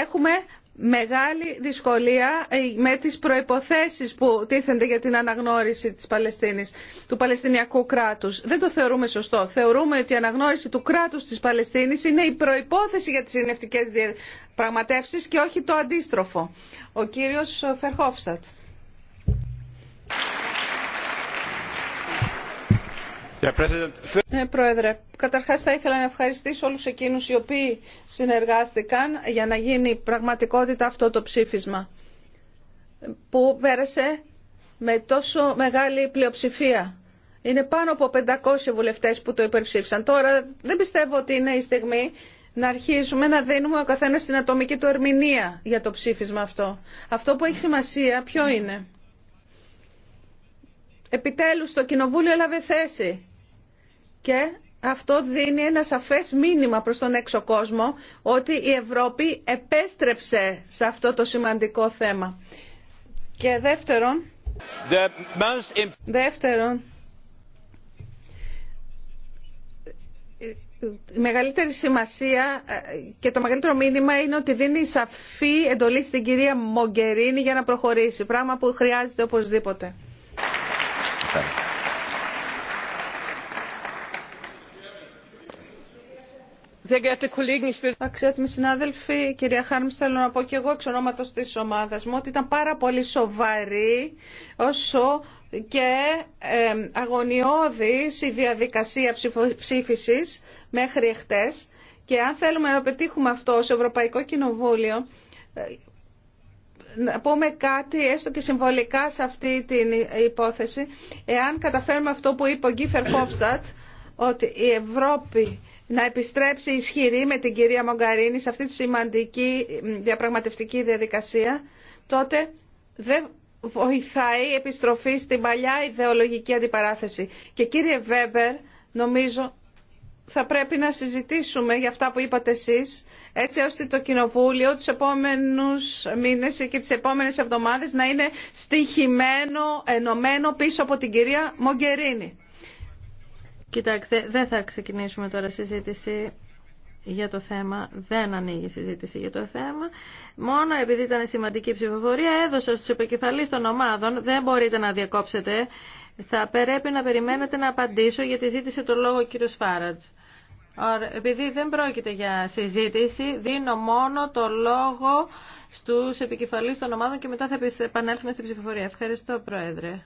έχουμε μεγάλη δυσκολία ε, με τις προϋποθέσεις που τίθενται για την αναγνώριση της Παλαιστίνης, του Παλαιστινιακού κράτους. Δεν το θεωρούμε σωστό. Θεωρούμε ότι η αναγνώριση του κράτους της Παλαιστίνης είναι η προϋπόθεση για τις ειρηνευτικές διαπραγματεύσεις και όχι το αντίστροφο. Ο κύριος Φερχόφστατ. Ναι, Πρόεδρε. Καταρχάς θα ήθελα να ευχαριστήσω όλους εκείνους οι οποίοι συνεργάστηκαν για να γίνει πραγματικότητα αυτό το ψήφισμα που πέρασε με τόσο μεγάλη πλειοψηφία. Είναι πάνω από 500 βουλευτές που το υπερψήφισαν. Τώρα δεν πιστεύω ότι είναι η στιγμή να αρχίσουμε να δίνουμε ο καθένα την ατομική του ερμηνεία για το ψήφισμα αυτό. Αυτό που έχει σημασία ποιο είναι. Επιτέλους το Κοινοβούλιο έλαβε θέση και αυτό δίνει ένα σαφές μήνυμα προς τον έξω κόσμο ότι η Ευρώπη επέστρεψε σε αυτό το σημαντικό θέμα. Και δεύτερον, δεύτερον η μεγαλύτερη σημασία ε, και το μεγαλύτερο μήνυμα είναι ότι δίνει σαφή εντολή στην κυρία Μογκερίνη για να προχωρήσει, πράγμα που χρειάζεται οπωσδήποτε. Αξιότιμοι συνάδελφοι, κυρία Χάρμς, θέλω να πω και εγώ εξ ονόματος της ομάδας μου ότι ήταν πάρα πολύ σοβαρή όσο και αγωνιώδη η διαδικασία ψήφισης μέχρι χτες και αν θέλουμε να πετύχουμε αυτό ως Ευρωπαϊκό Κοινοβούλιο ε, να πούμε κάτι έστω και συμβολικά σε αυτή την υπόθεση εάν καταφέρουμε αυτό που είπε ο Γκίφερ Χόφστατ ότι η Ευρώπη να επιστρέψει ισχυρή με την κυρία Μογκαρίνη σε αυτή τη σημαντική διαπραγματευτική διαδικασία, τότε δεν βοηθάει η επιστροφή στην παλιά ιδεολογική αντιπαράθεση. Και κύριε Βέμπερ, νομίζω θα πρέπει να συζητήσουμε για αυτά που είπατε εσείς, έτσι ώστε το Κοινοβούλιο τους επόμενους μήνες και τις επόμενες εβδομάδες να είναι στοιχημένο, ενωμένο πίσω από την κυρία Μογκερίνη. Κοιτάξτε, δεν θα ξεκινήσουμε τώρα συζήτηση για το θέμα, δεν ανοίγει συζήτηση για το θέμα. Μόνο επειδή ήταν σημαντική ψηφοφορία έδωσα στους επικεφαλείς των ομάδων, δεν μπορείτε να διακόψετε. Θα πρέπει να περιμένετε να απαντήσω γιατί ζήτησε το λόγο ο κύριος Φάρατς. Επειδή δεν πρόκειται για συζήτηση, δίνω μόνο το λόγο στους επικεφαλείς των ομάδων και μετά θα επανέλθουμε στην ψηφοφορία. Ευχαριστώ, Πρόεδρε.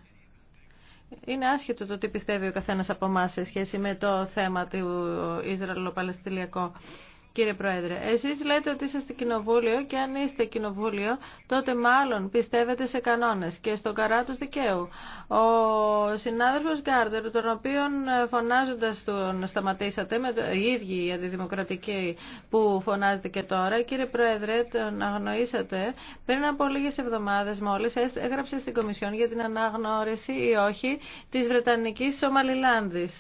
Είναι άσχετο το τι πιστεύει ο καθένας από εμά σε σχέση με το θέμα του Ισραηλοπαλαιστιλιακό κύριε Πρόεδρε. Εσείς λέτε ότι είστε κοινοβούλιο και αν είστε κοινοβούλιο, τότε μάλλον πιστεύετε σε κανόνες και στο καράτος δικαίου. Ο συνάδελφος Γκάρντερ τον οποίον φωνάζοντας τον σταματήσατε, με το, οι ίδιοι οι αντιδημοκρατικοί που φωνάζετε και τώρα, κύριε Πρόεδρε, τον αγνοήσατε. Πριν από λίγε εβδομάδε μόλι έγραψε στην Κομισιόν για την αναγνώριση ή όχι της Βρετανικής Σομαλιλάνδης.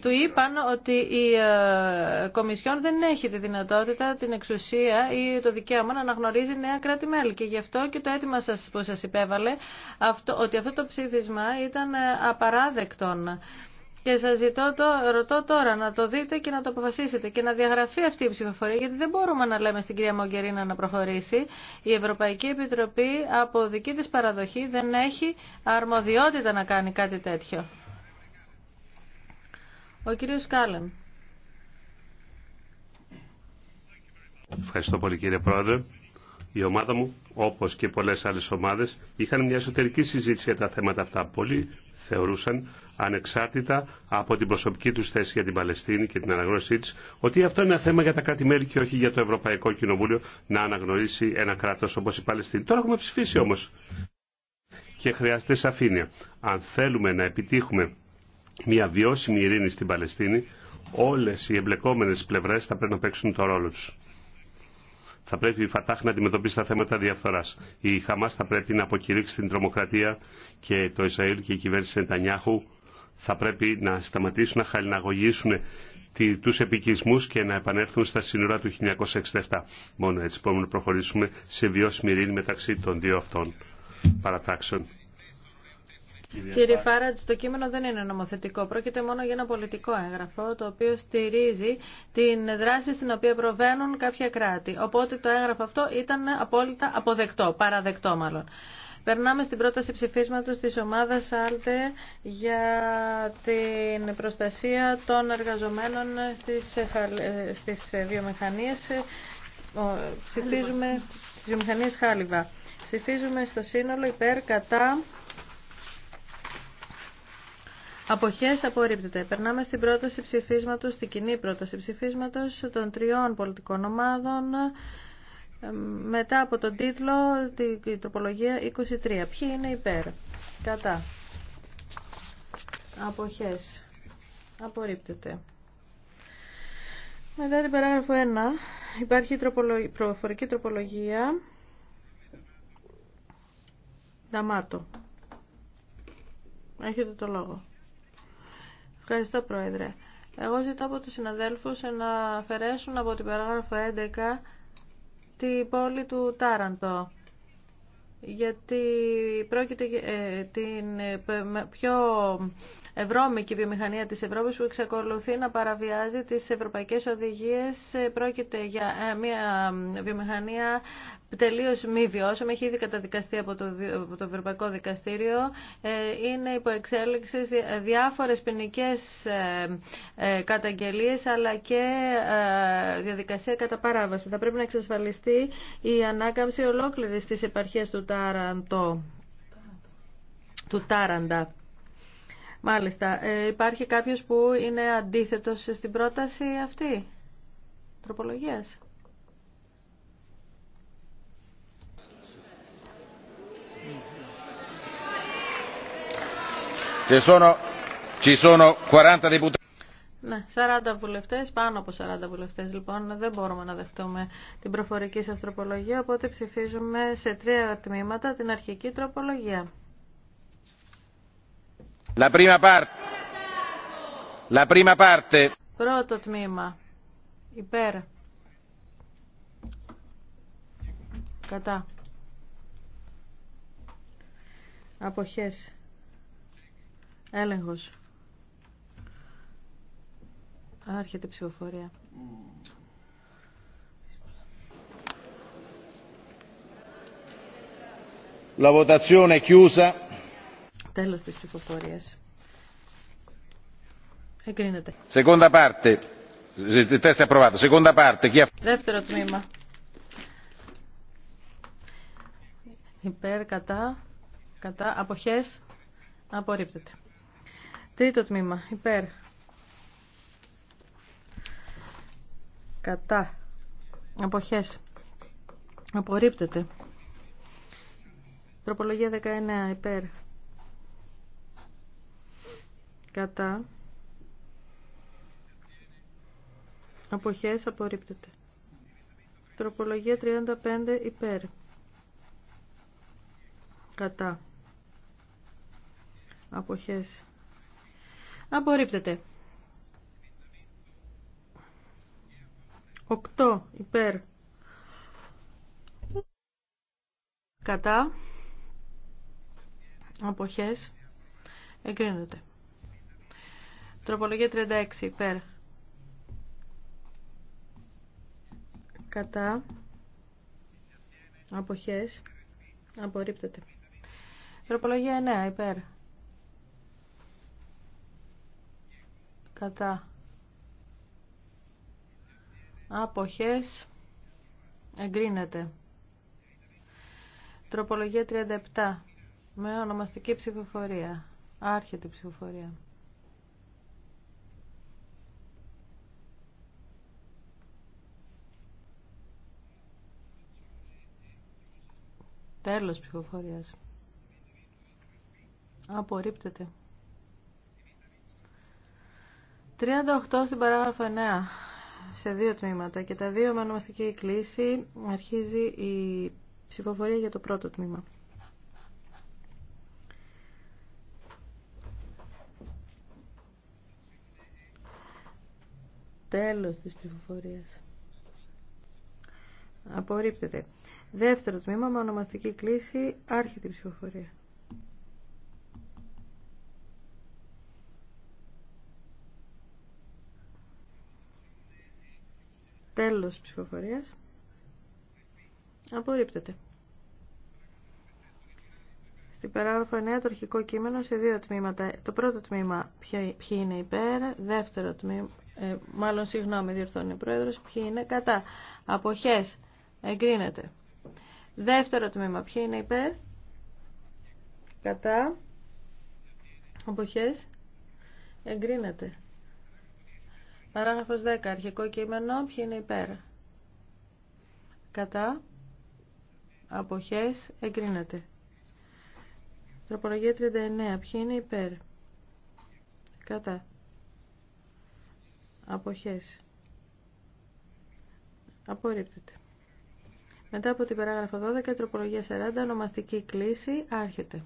Του είπαν ότι η οχι τη βρετανικη Σομαλιλάνδη. του ειπαν οτι η κομισιον νησιών δεν έχει τη δυνατότητα, την εξουσία ή το δικαίωμα να αναγνωρίζει νέα κράτη-μέλη. Και γι' αυτό και το αίτημα σας που σας υπέβαλε αυτό, ότι αυτό το ψήφισμα ήταν ε, απαράδεκτον. Και σας ζητώ το, ρωτώ τώρα να το δείτε και να το αποφασίσετε και να διαγραφεί αυτή η ψηφοφορία, γιατί δεν μπορούμε να λέμε στην κυρία Μογκερίνα να προχωρήσει. Η Ευρωπαϊκή Επιτροπή από δική τη παραδοχή δεν έχει αρμοδιότητα να κάνει κάτι τέτοιο. Ο κύριος Κάλεν. Ευχαριστώ πολύ κύριε Πρόεδρε. Η ομάδα μου, όπως και πολλές άλλες ομάδες, είχαν μια εσωτερική συζήτηση για τα θέματα αυτά. Πολλοί θεωρούσαν, ανεξάρτητα από την προσωπική τους θέση για την Παλαιστίνη και την αναγνώρισή της, ότι αυτό είναι ένα θέμα για τα κράτη-μέλη και όχι για το Ευρωπαϊκό Κοινοβούλιο να αναγνωρίσει ένα κράτος όπως η Παλαιστίνη. Τώρα έχουμε ψηφίσει όμως και χρειάζεται σαφήνεια. Αν θέλουμε να επιτύχουμε μια βιώσιμη ειρήνη στην Παλαιστίνη, όλες οι εμπλεκόμενες πλευρές θα πρέπει να παίξουν το ρόλο τους. Θα πρέπει η Φατάχ να αντιμετωπίσει τα θέματα διαφθορά. Η Χαμά θα πρέπει να αποκηρύξει την τρομοκρατία και το Ισραήλ και η κυβέρνηση Νετανιάχου θα πρέπει να σταματήσουν να χαλιναγωγήσουν του επικισμού και να επανέλθουν στα σύνορα του 1967. Μόνο έτσι μπορούμε να προχωρήσουμε σε βιώσιμη ειρήνη μεταξύ των δύο αυτών παρατάξεων. Κύριε Φάραντ, το κείμενο δεν είναι νομοθετικό. Πρόκειται μόνο για ένα πολιτικό έγγραφο, το οποίο στηρίζει την δράση στην οποία προβαίνουν κάποια κράτη. Οπότε το έγγραφο αυτό ήταν απόλυτα αποδεκτό, παραδεκτό μάλλον. Περνάμε στην πρόταση ψηφίσματο τη ομάδα ΑΛΤΕ για την προστασία των εργαζομένων στις, ε, βιομηχανίε. Ψηφίζουμε στι βιομηχανίε Χάλιβα. Ψηφίζουμε στο σύνολο υπέρ κατά Αποχέ απορρίπτεται. Περνάμε στην πρόταση ψηφίσματος, στην κοινή πρόταση ψηφίσματο των τριών πολιτικών ομάδων μετά από τον τίτλο την τροπολογία 23. Ποιοι είναι υπέρ. Κατά. Αποχές. Απορρίπτεται. Μετά την παράγραφο 1 υπάρχει τροπολογία, προφορική τροπολογία Νταμάτο. Έχετε το λόγο. Ευχαριστώ, Πρόεδρε. Εγώ ζητώ από τους συναδέλφους να αφαιρέσουν από την παράγραφο 11 την πόλη του Τάραντο γιατί πρόκειται ε, την ε, πιο Ευρώμικη βιομηχανία της Ευρώπης που εξακολουθεί να παραβιάζει τις ευρωπαϊκές οδηγίες. Ε, πρόκειται για ε, μια βιομηχανία τελείω μη βιώσιμη, έχει ήδη καταδικαστεί από το, το Ευρωπαϊκό Δικαστήριο. Ε, είναι υπό εξέλιξη διάφορες ποινικέ καταγγελίες αλλά και διαδικασία κατά παράβαση. Θα πρέπει να εξασφαλιστεί η ανάκαμψη ολόκληρης της επαρχίας του Τάραντο. Του Τάραντα. Μάλιστα. Ε, υπάρχει κάποιος που είναι αντίθετος στην πρόταση αυτή τροπολογίας. Ναι, 40 βουλευτέ, πάνω από 40 βουλευτέ λοιπόν, δεν μπορούμε να δεχτούμε την προφορική σα τροπολογία, οπότε ψηφίζουμε σε τρία τμήματα την αρχική τροπολογία. La prima parte. La prima parte. Πρώτο τμήμα. Υπέρ. Κατά. Αποχές. Έλεγχος. Άρχεται ψηφοφορία. La votazione è chiusa. Τέλος της ψηφοφορίας. Εγκρίνεται. Δεύτερο τμήμα. Υπέρ, κατά, κατά, αποχές, απορρίπτεται. Τρίτο τμήμα, υπέρ. Κατά, αποχές, απορρίπτεται. Τροπολογία 19, υπέρ κατά αποχές απορρίπτεται τροπολογία 35 υπέρ κατά αποχές απορρίπτεται 8 υπέρ κατά αποχές εγκρίνεται Τροπολογία 36 υπέρ. Κατά. Αποχές. Απορρίπτεται. Τροπολογία 9 υπέρ. Κατά. Αποχές. Εγκρίνεται. Τροπολογία 37. Με ονομαστική ψηφοφορία. Άρχεται η ψηφοφορία. Τέλος ψηφοφορίας. Απορρίπτεται. 38 στην παράγραφο 9 σε δύο τμήματα και τα δύο με ονομαστική κλίση αρχίζει η ψηφοφορία για το πρώτο τμήμα. Τέλος της ψηφοφορίας. Απορρίπτεται. Δεύτερο τμήμα με ονομαστική κλίση. Άρχεται η ψηφοφορία. Τέλος ψηφοφορίας. Απορρίπτεται. Στην παράγραφο 9 το αρχικό κείμενο σε δύο τμήματα. Το πρώτο τμήμα ποιοι είναι υπέρ, δεύτερο τμήμα, ε, μάλλον συγγνώμη διορθώνει ο πρόεδρος, ποιοι είναι κατά. Αποχές. Εγκρίνεται. Δεύτερο τμήμα. Ποιο είναι υπέρ. Κατά. Αποχές. Εγκρίνεται. Παράγραφος 10. Αρχικό κείμενο. Ποιο είναι υπέρ. Κατά. Αποχές. Εγκρίνεται. Τροπολογία 39. Ποιο είναι υπέρ. Κατά. Αποχές. Απορρίπτεται. Μετά από την παράγραφο 12, τροπολογία 40, ονομαστική κλίση, άρχεται.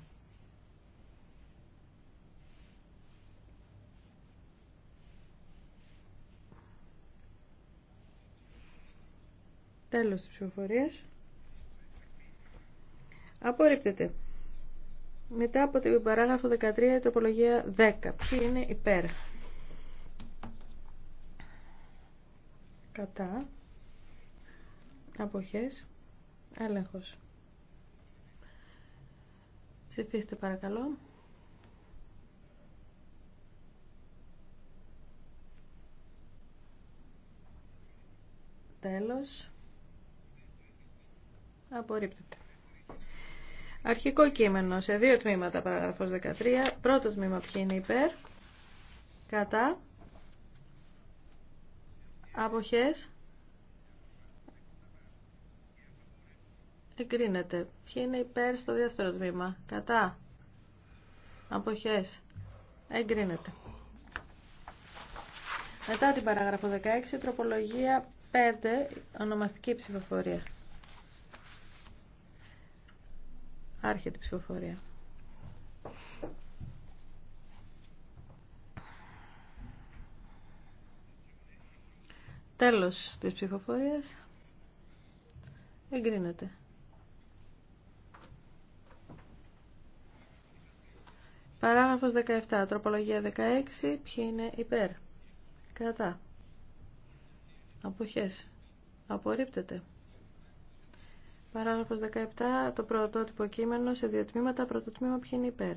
Τέλος της ψηφοφορίας. Απορρίπτεται. Μετά από την παράγραφο 13, τροπολογία 10. Ποιοι είναι υπέρ. Κατά. Αποχές. Έλεγχος. Ψηφίστε παρακαλώ. Τέλος. Απορρίπτεται. Αρχικό κείμενο σε δύο τμήματα, παραγραφός 13. Πρώτο τμήμα ποιο είναι υπέρ, κατά, αποχές, εγκρίνεται. Ποιοι είναι υπέρ στο δεύτερο τμήμα. Κατά. Αποχές. Εγκρίνεται. Μετά την παράγραφο 16, τροπολογία 5, ονομαστική ψηφοφορία. Άρχεται η ψηφοφορία. Τέλος της ψηφοφορίας. Εγκρίνεται. Παράγραφος 17. Τροπολογία 16. Ποιοι είναι υπέρ. Κατά. Αποχές. Απορρίπτεται. Παράγραφος 17. Το πρωτότυπο κείμενο σε δύο τμήματα. Πρώτο τμήμα ποιοι είναι υπέρ.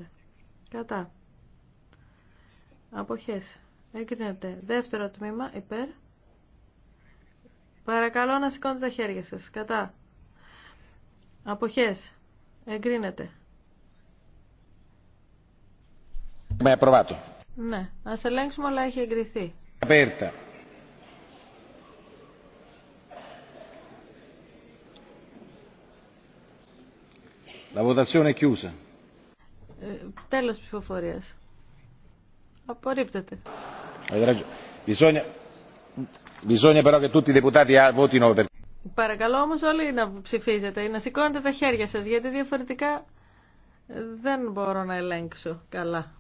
Κατά. Αποχές. Εγκρίνεται. Δεύτερο τμήμα υπέρ. Παρακαλώ να σηκώνετε τα χέρια σας. Κατά. Αποχές. Εγκρίνεται. Ναι, Α ελέγξουμε όλα. έχει εγκριθεί. Απέρτα. La votazione è ε, Τέλος ψηφοφορίας. Απορρίπτεται. Παρακαλώ όμως όλοι να ψηφίζετε ή να σηκώνετε τα χέρια σας γιατί διαφορετικά δεν μπορώ να ελέγξω καλά.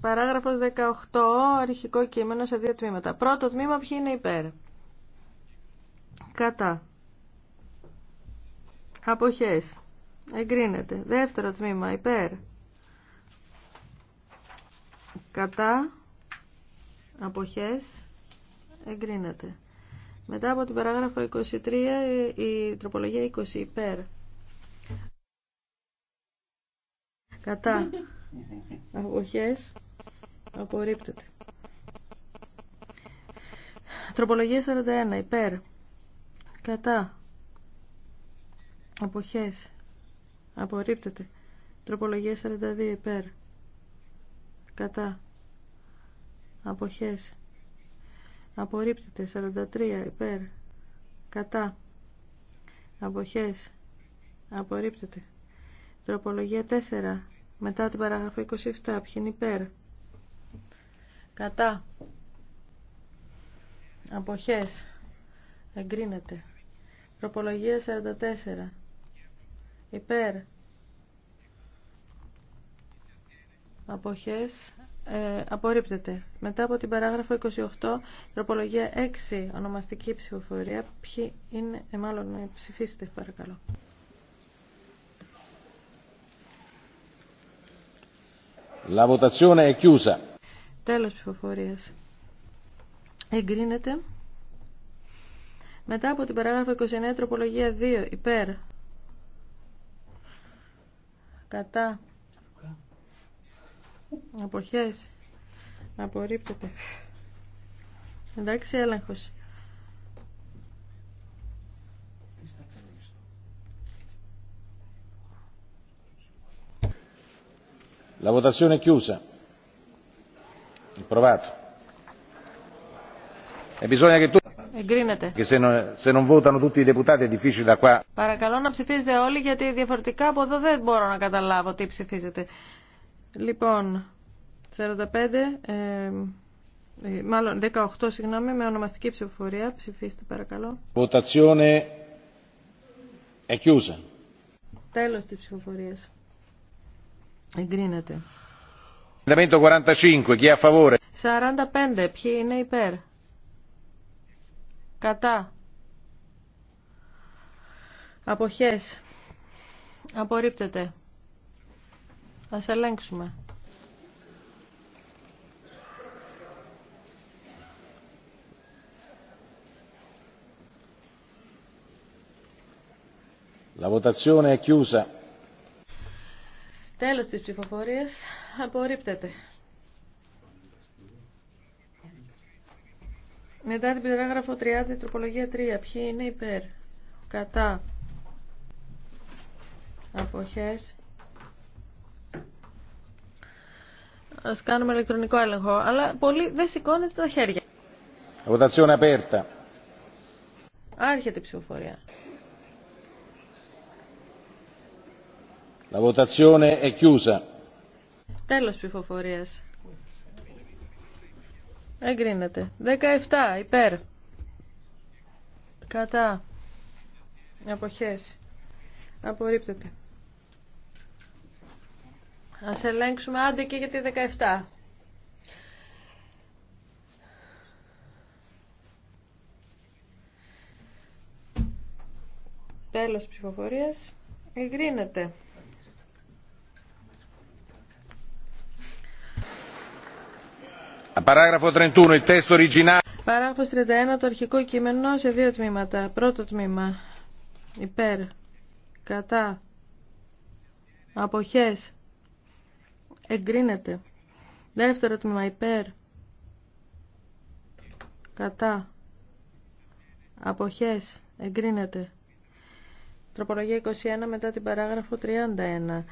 Παράγραφο 18, αρχικό κείμενο σε δύο τμήματα. Πρώτο τμήμα, ποιοι είναι υπέρ. Κατά. Αποχές. Εγκρίνεται. Δεύτερο τμήμα, υπέρ. Κατά. Αποχές. Εγκρίνεται. Μετά από την παράγραφο 23, η τροπολογία 20 υπέρ. Κατά. Αποχές. Απορρίπτεται. Τροπολογία 41. Υπέρ. Κατά. Αποχές. Απορρίπτεται. Τροπολογία 42. Υπέρ. Κατά. Αποχές. Απορρίπτεται. 43. Υπέρ. Κατά. Αποχές. Απορρίπτεται. Τροπολογία 4. Μετά την παράγραφο 27. Ποιοι είναι υπέρ. Κατά. Αποχές. Εγκρίνεται. Τροπολογία 44. Υπέρ. Αποχές. Ε, απορρίπτεται. Μετά από την παράγραφο 28, τροπολογία 6, ονομαστική ψηφοφορία. Ποιοι είναι, ε, μάλλον ε, ψηφίστε παρακαλώ. La votazione è chiusa. Τέλος ψηφοφορίας. Εγκρίνεται. Μετά από την παράγραφο 29, τροπολογία 2, υπέρ. Κατά. Αποχές. Απορρίπτεται. Εντάξει, έλεγχος. La votazione è chiusa. Εγκρίνεται. Παρακαλώ να ψηφίζετε όλοι γιατί διαφορετικά από εδώ δεν μπορώ να καταλάβω τι ψηφίζετε. Λοιπόν, 45, ε, ε, μάλλον 18 συγγνώμη, με ονομαστική ψηφοφορία. Ψηφίστε παρακαλώ. Votazione è chiusa. Τέλος της ψηφοφορίας. Εγκρίνεται. 45. Ποιοι είναι υπέρ. Κατά. Αποχές. Απορρίπτεται. Ας ελέγξουμε. La Τέλος της ψηφοφορίας. Απορρίπτεται. Μετά την πειράγραφο 30, τροπολογία 3. Ποιοι είναι υπέρ. Κατά. Αποχές. Ας κάνουμε ηλεκτρονικό έλεγχο. Αλλά πολύ δεν σηκώνεται τα χέρια. απέρτα. Άρχεται η ψηφοφορία. La votazione è Τέλος ψηφοφορίας. Εγκρίνεται. 17 υπέρ. Κατά. Αποχέ. Απορρίπτεται. Α ελέγξουμε άντε και για τη 17. Τέλος ψηφοφορίας. Εγκρίνεται. Παράγραφο 31, Παράγραφος 31, το αρχικό κείμενο σε δύο τμήματα. Πρώτο τμήμα, υπέρ, κατά, αποχές, εγκρίνεται. Δεύτερο τμήμα, υπέρ, κατά, αποχές, εγκρίνεται. Τροπολογία 21 μετά την παράγραφο 31.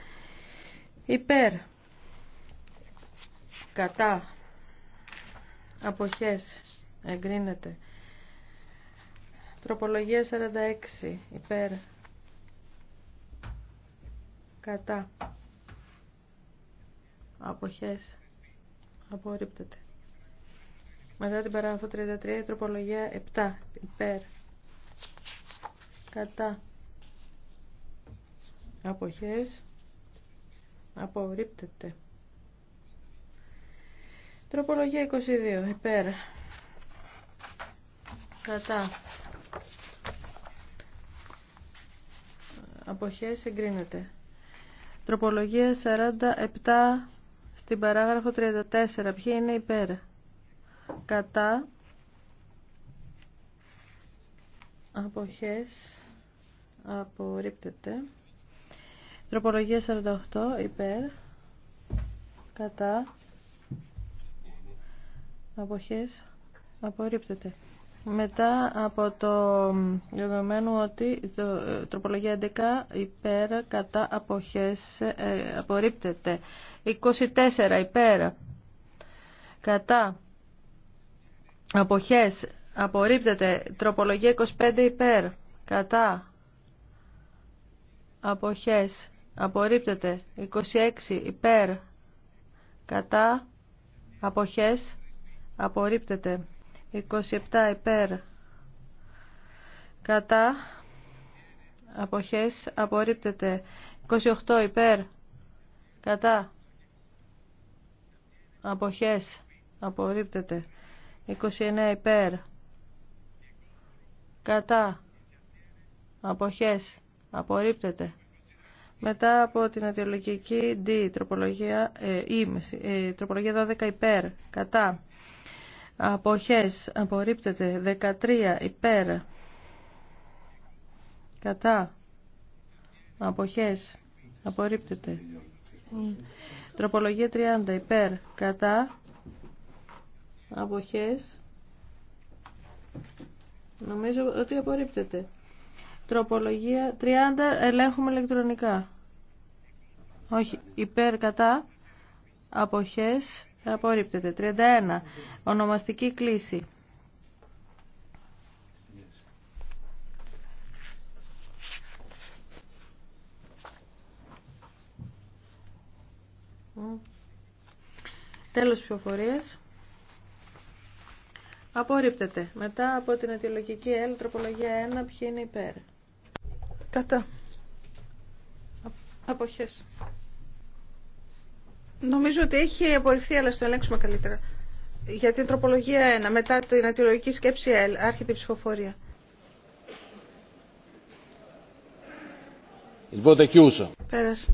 Υπέρ, κατά, αποχές εγκρίνεται τροπολογία 46 υπέρ κατά αποχές απορρίπτεται μετά την παράγραφο 33 τροπολογία 7 υπέρ κατά αποχές απορρίπτεται Τροπολογία 22. Υπέρ. Κατά. Αποχές εγκρίνεται. Τροπολογία 47 στην παράγραφο 34. Ποιοι είναι υπέρ. Κατά. Αποχές απορρίπτεται. Τροπολογία 48 υπέρ. Κατά αποχές απορρίπτεται. Μετά από το δεδομένο ότι το, ε, τροπολογία 11 υπέρ κατά αποχές ε, απορρίπτεται. 24 υπέρ κατά αποχές απορρίπτεται. Τροπολογία 25 υπέρ κατά αποχές απορρίπτεται. 26 υπέρ κατά αποχές απορρίπτεται 27 υπέρ κατά αποχές απορρίπτεται 28 υπέρ κατά αποχές απορρίπτεται 29 υπέρ κατά αποχές απορρίπτεται μετά από την αιτιολογική D, τροπολογία, ε, e, ε τροπολογία 12 υπέρ, κατά, Αποχές απορρίπτεται 13 υπέρ. Κατά. Αποχές απορρίπτεται. Τροπολογία 30 υπέρ. Κατά. Αποχές. Νομίζω ότι απορρίπτεται. Τροπολογία 30 ελέγχουμε ηλεκτρονικά. Όχι, υπέρ κατά αποχές Απορρίπτεται. 31. Ονομαστική κλίση. Τέλος πληροφορίες. Απορρίπτεται. Μετά από την αιτιολογική L, τροπολογία 1, ποιοι είναι υπέρ. Κατά. Αποχές. Νομίζω ότι έχει απορριφθεί, αλλά στο ελέγξουμε καλύτερα. Για την τροπολογία 1, μετά την αντιλογική σκέψη L, άρχεται η ψηφοφορία. Πέρασε.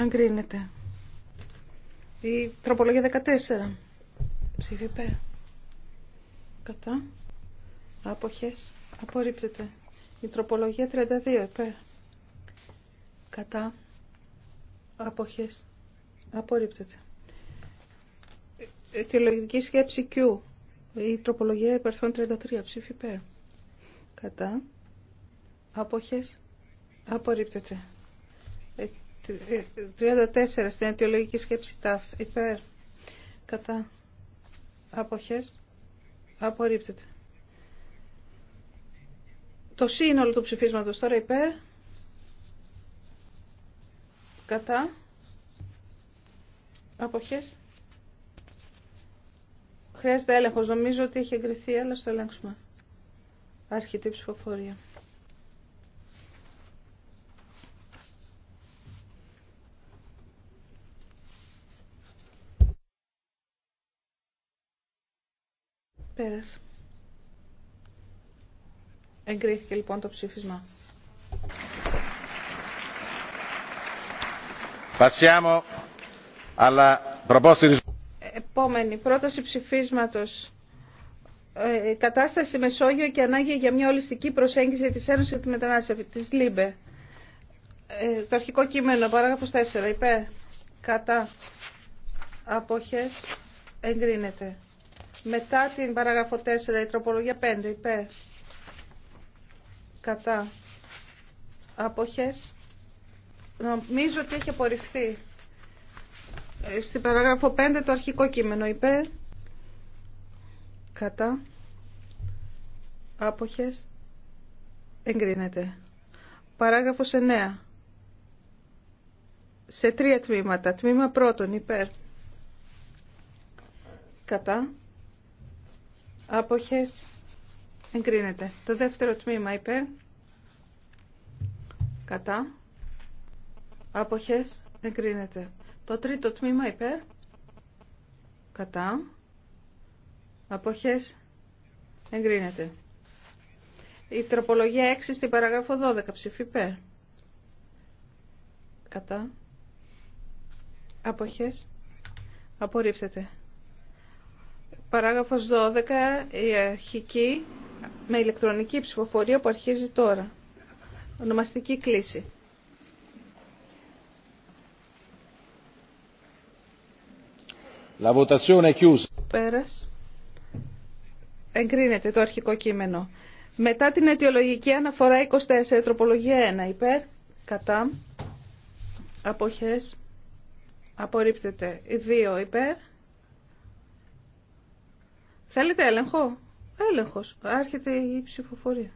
Αγκρίνεται. Η τροπολογία 14. Ψήφι πέρα. Κατά. Αποχές. Απορρίπτεται. Η τροπολογία 32 Πέρα. Κατά αποχές απορρίπτεται. Αιτιολογική σκέψη Q. Η τροπολογία υπερθών 33. Ψήφι πέρα Κατά. Αποχές. Απορρίπτεται. 34 στην αιτιολογική σκέψη ΤΑΦ. Υπέρ. Κατά. Αποχές. Απορρίπτεται. Το σύνολο του ψηφίσματος τώρα υπέρ κατά αποχές χρειάζεται έλεγχος νομίζω ότι έχει εγκριθεί αλλά στο ελέγξουμε Αρχιτή ψηφοφορία Πέρασε. Εγκρίθηκε λοιπόν το ψήφισμα. Επόμενη πρόταση ψηφίσματος. Ε, κατάσταση Μεσόγειο και ανάγκη για μια ολιστική προσέγγιση της Ένωσης για τη Μετανάστευση της ΛΥΜΠΕ. Ε, το αρχικό κείμενο, παράγραφος 4, υπέρ, κατά, αποχές, εγκρίνεται. Μετά την παράγραφο 4, η τροπολογία 5, υπέρ, κατά, αποχές, Νομίζω ότι έχει απορριφθεί. Ε, στην παράγραφο 5 το αρχικό κείμενο υπέρ. Κατά. Άποχες. Εγκρίνεται. Παράγραφος 9. Σε τρία τμήματα. Τμήμα πρώτον υπέρ. Κατά. Άποχες. Εγκρίνεται. Το δεύτερο τμήμα υπέρ. Κατά Αποχές εγκρίνεται. Το τρίτο τμήμα υπέρ. Κατά. Αποχές εγκρίνεται. Η τροπολογία 6 στην παραγράφο 12 ψηφί υπέρ. Κατά. Αποχές απορρίπτεται. Παράγραφος 12 η αρχική με ηλεκτρονική ψηφοφορία που αρχίζει τώρα. Ονομαστική κλίση. La Εγκρίνεται το αρχικό κείμενο. Μετά την αιτιολογική αναφορά 24, τροπολογία 1, υπέρ, κατά, αποχές, απορρίπτεται. 2, υπέρ. Θέλετε έλεγχο. Έλεγχος. Άρχεται η ψηφοφορία.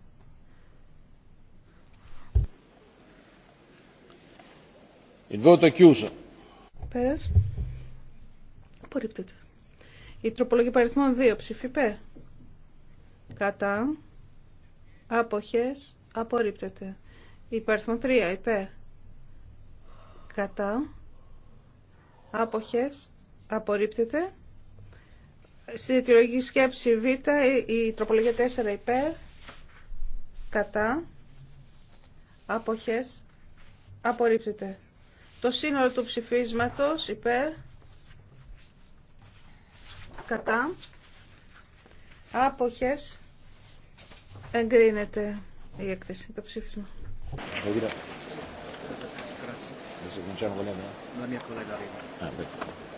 Il Πέρας. Απορρίπτεται. Η τροπολογία παριθμών 2 ψήφι Κατά. Αποχές. Απορρίπτεται. Η παριθμών 3 υπέρ. Κατά. Αποχές. Απορρίπτεται. Στη αιτιολογική σκέψη Β η τροπολογία 4 υπέρ. Κατά. Αποχές. Απορρίπτεται. Το σύνολο του ψηφίσματος υπέρ κατά άποχες εγκρίνεται η έκθεση, το ψήφισμα. Grazie.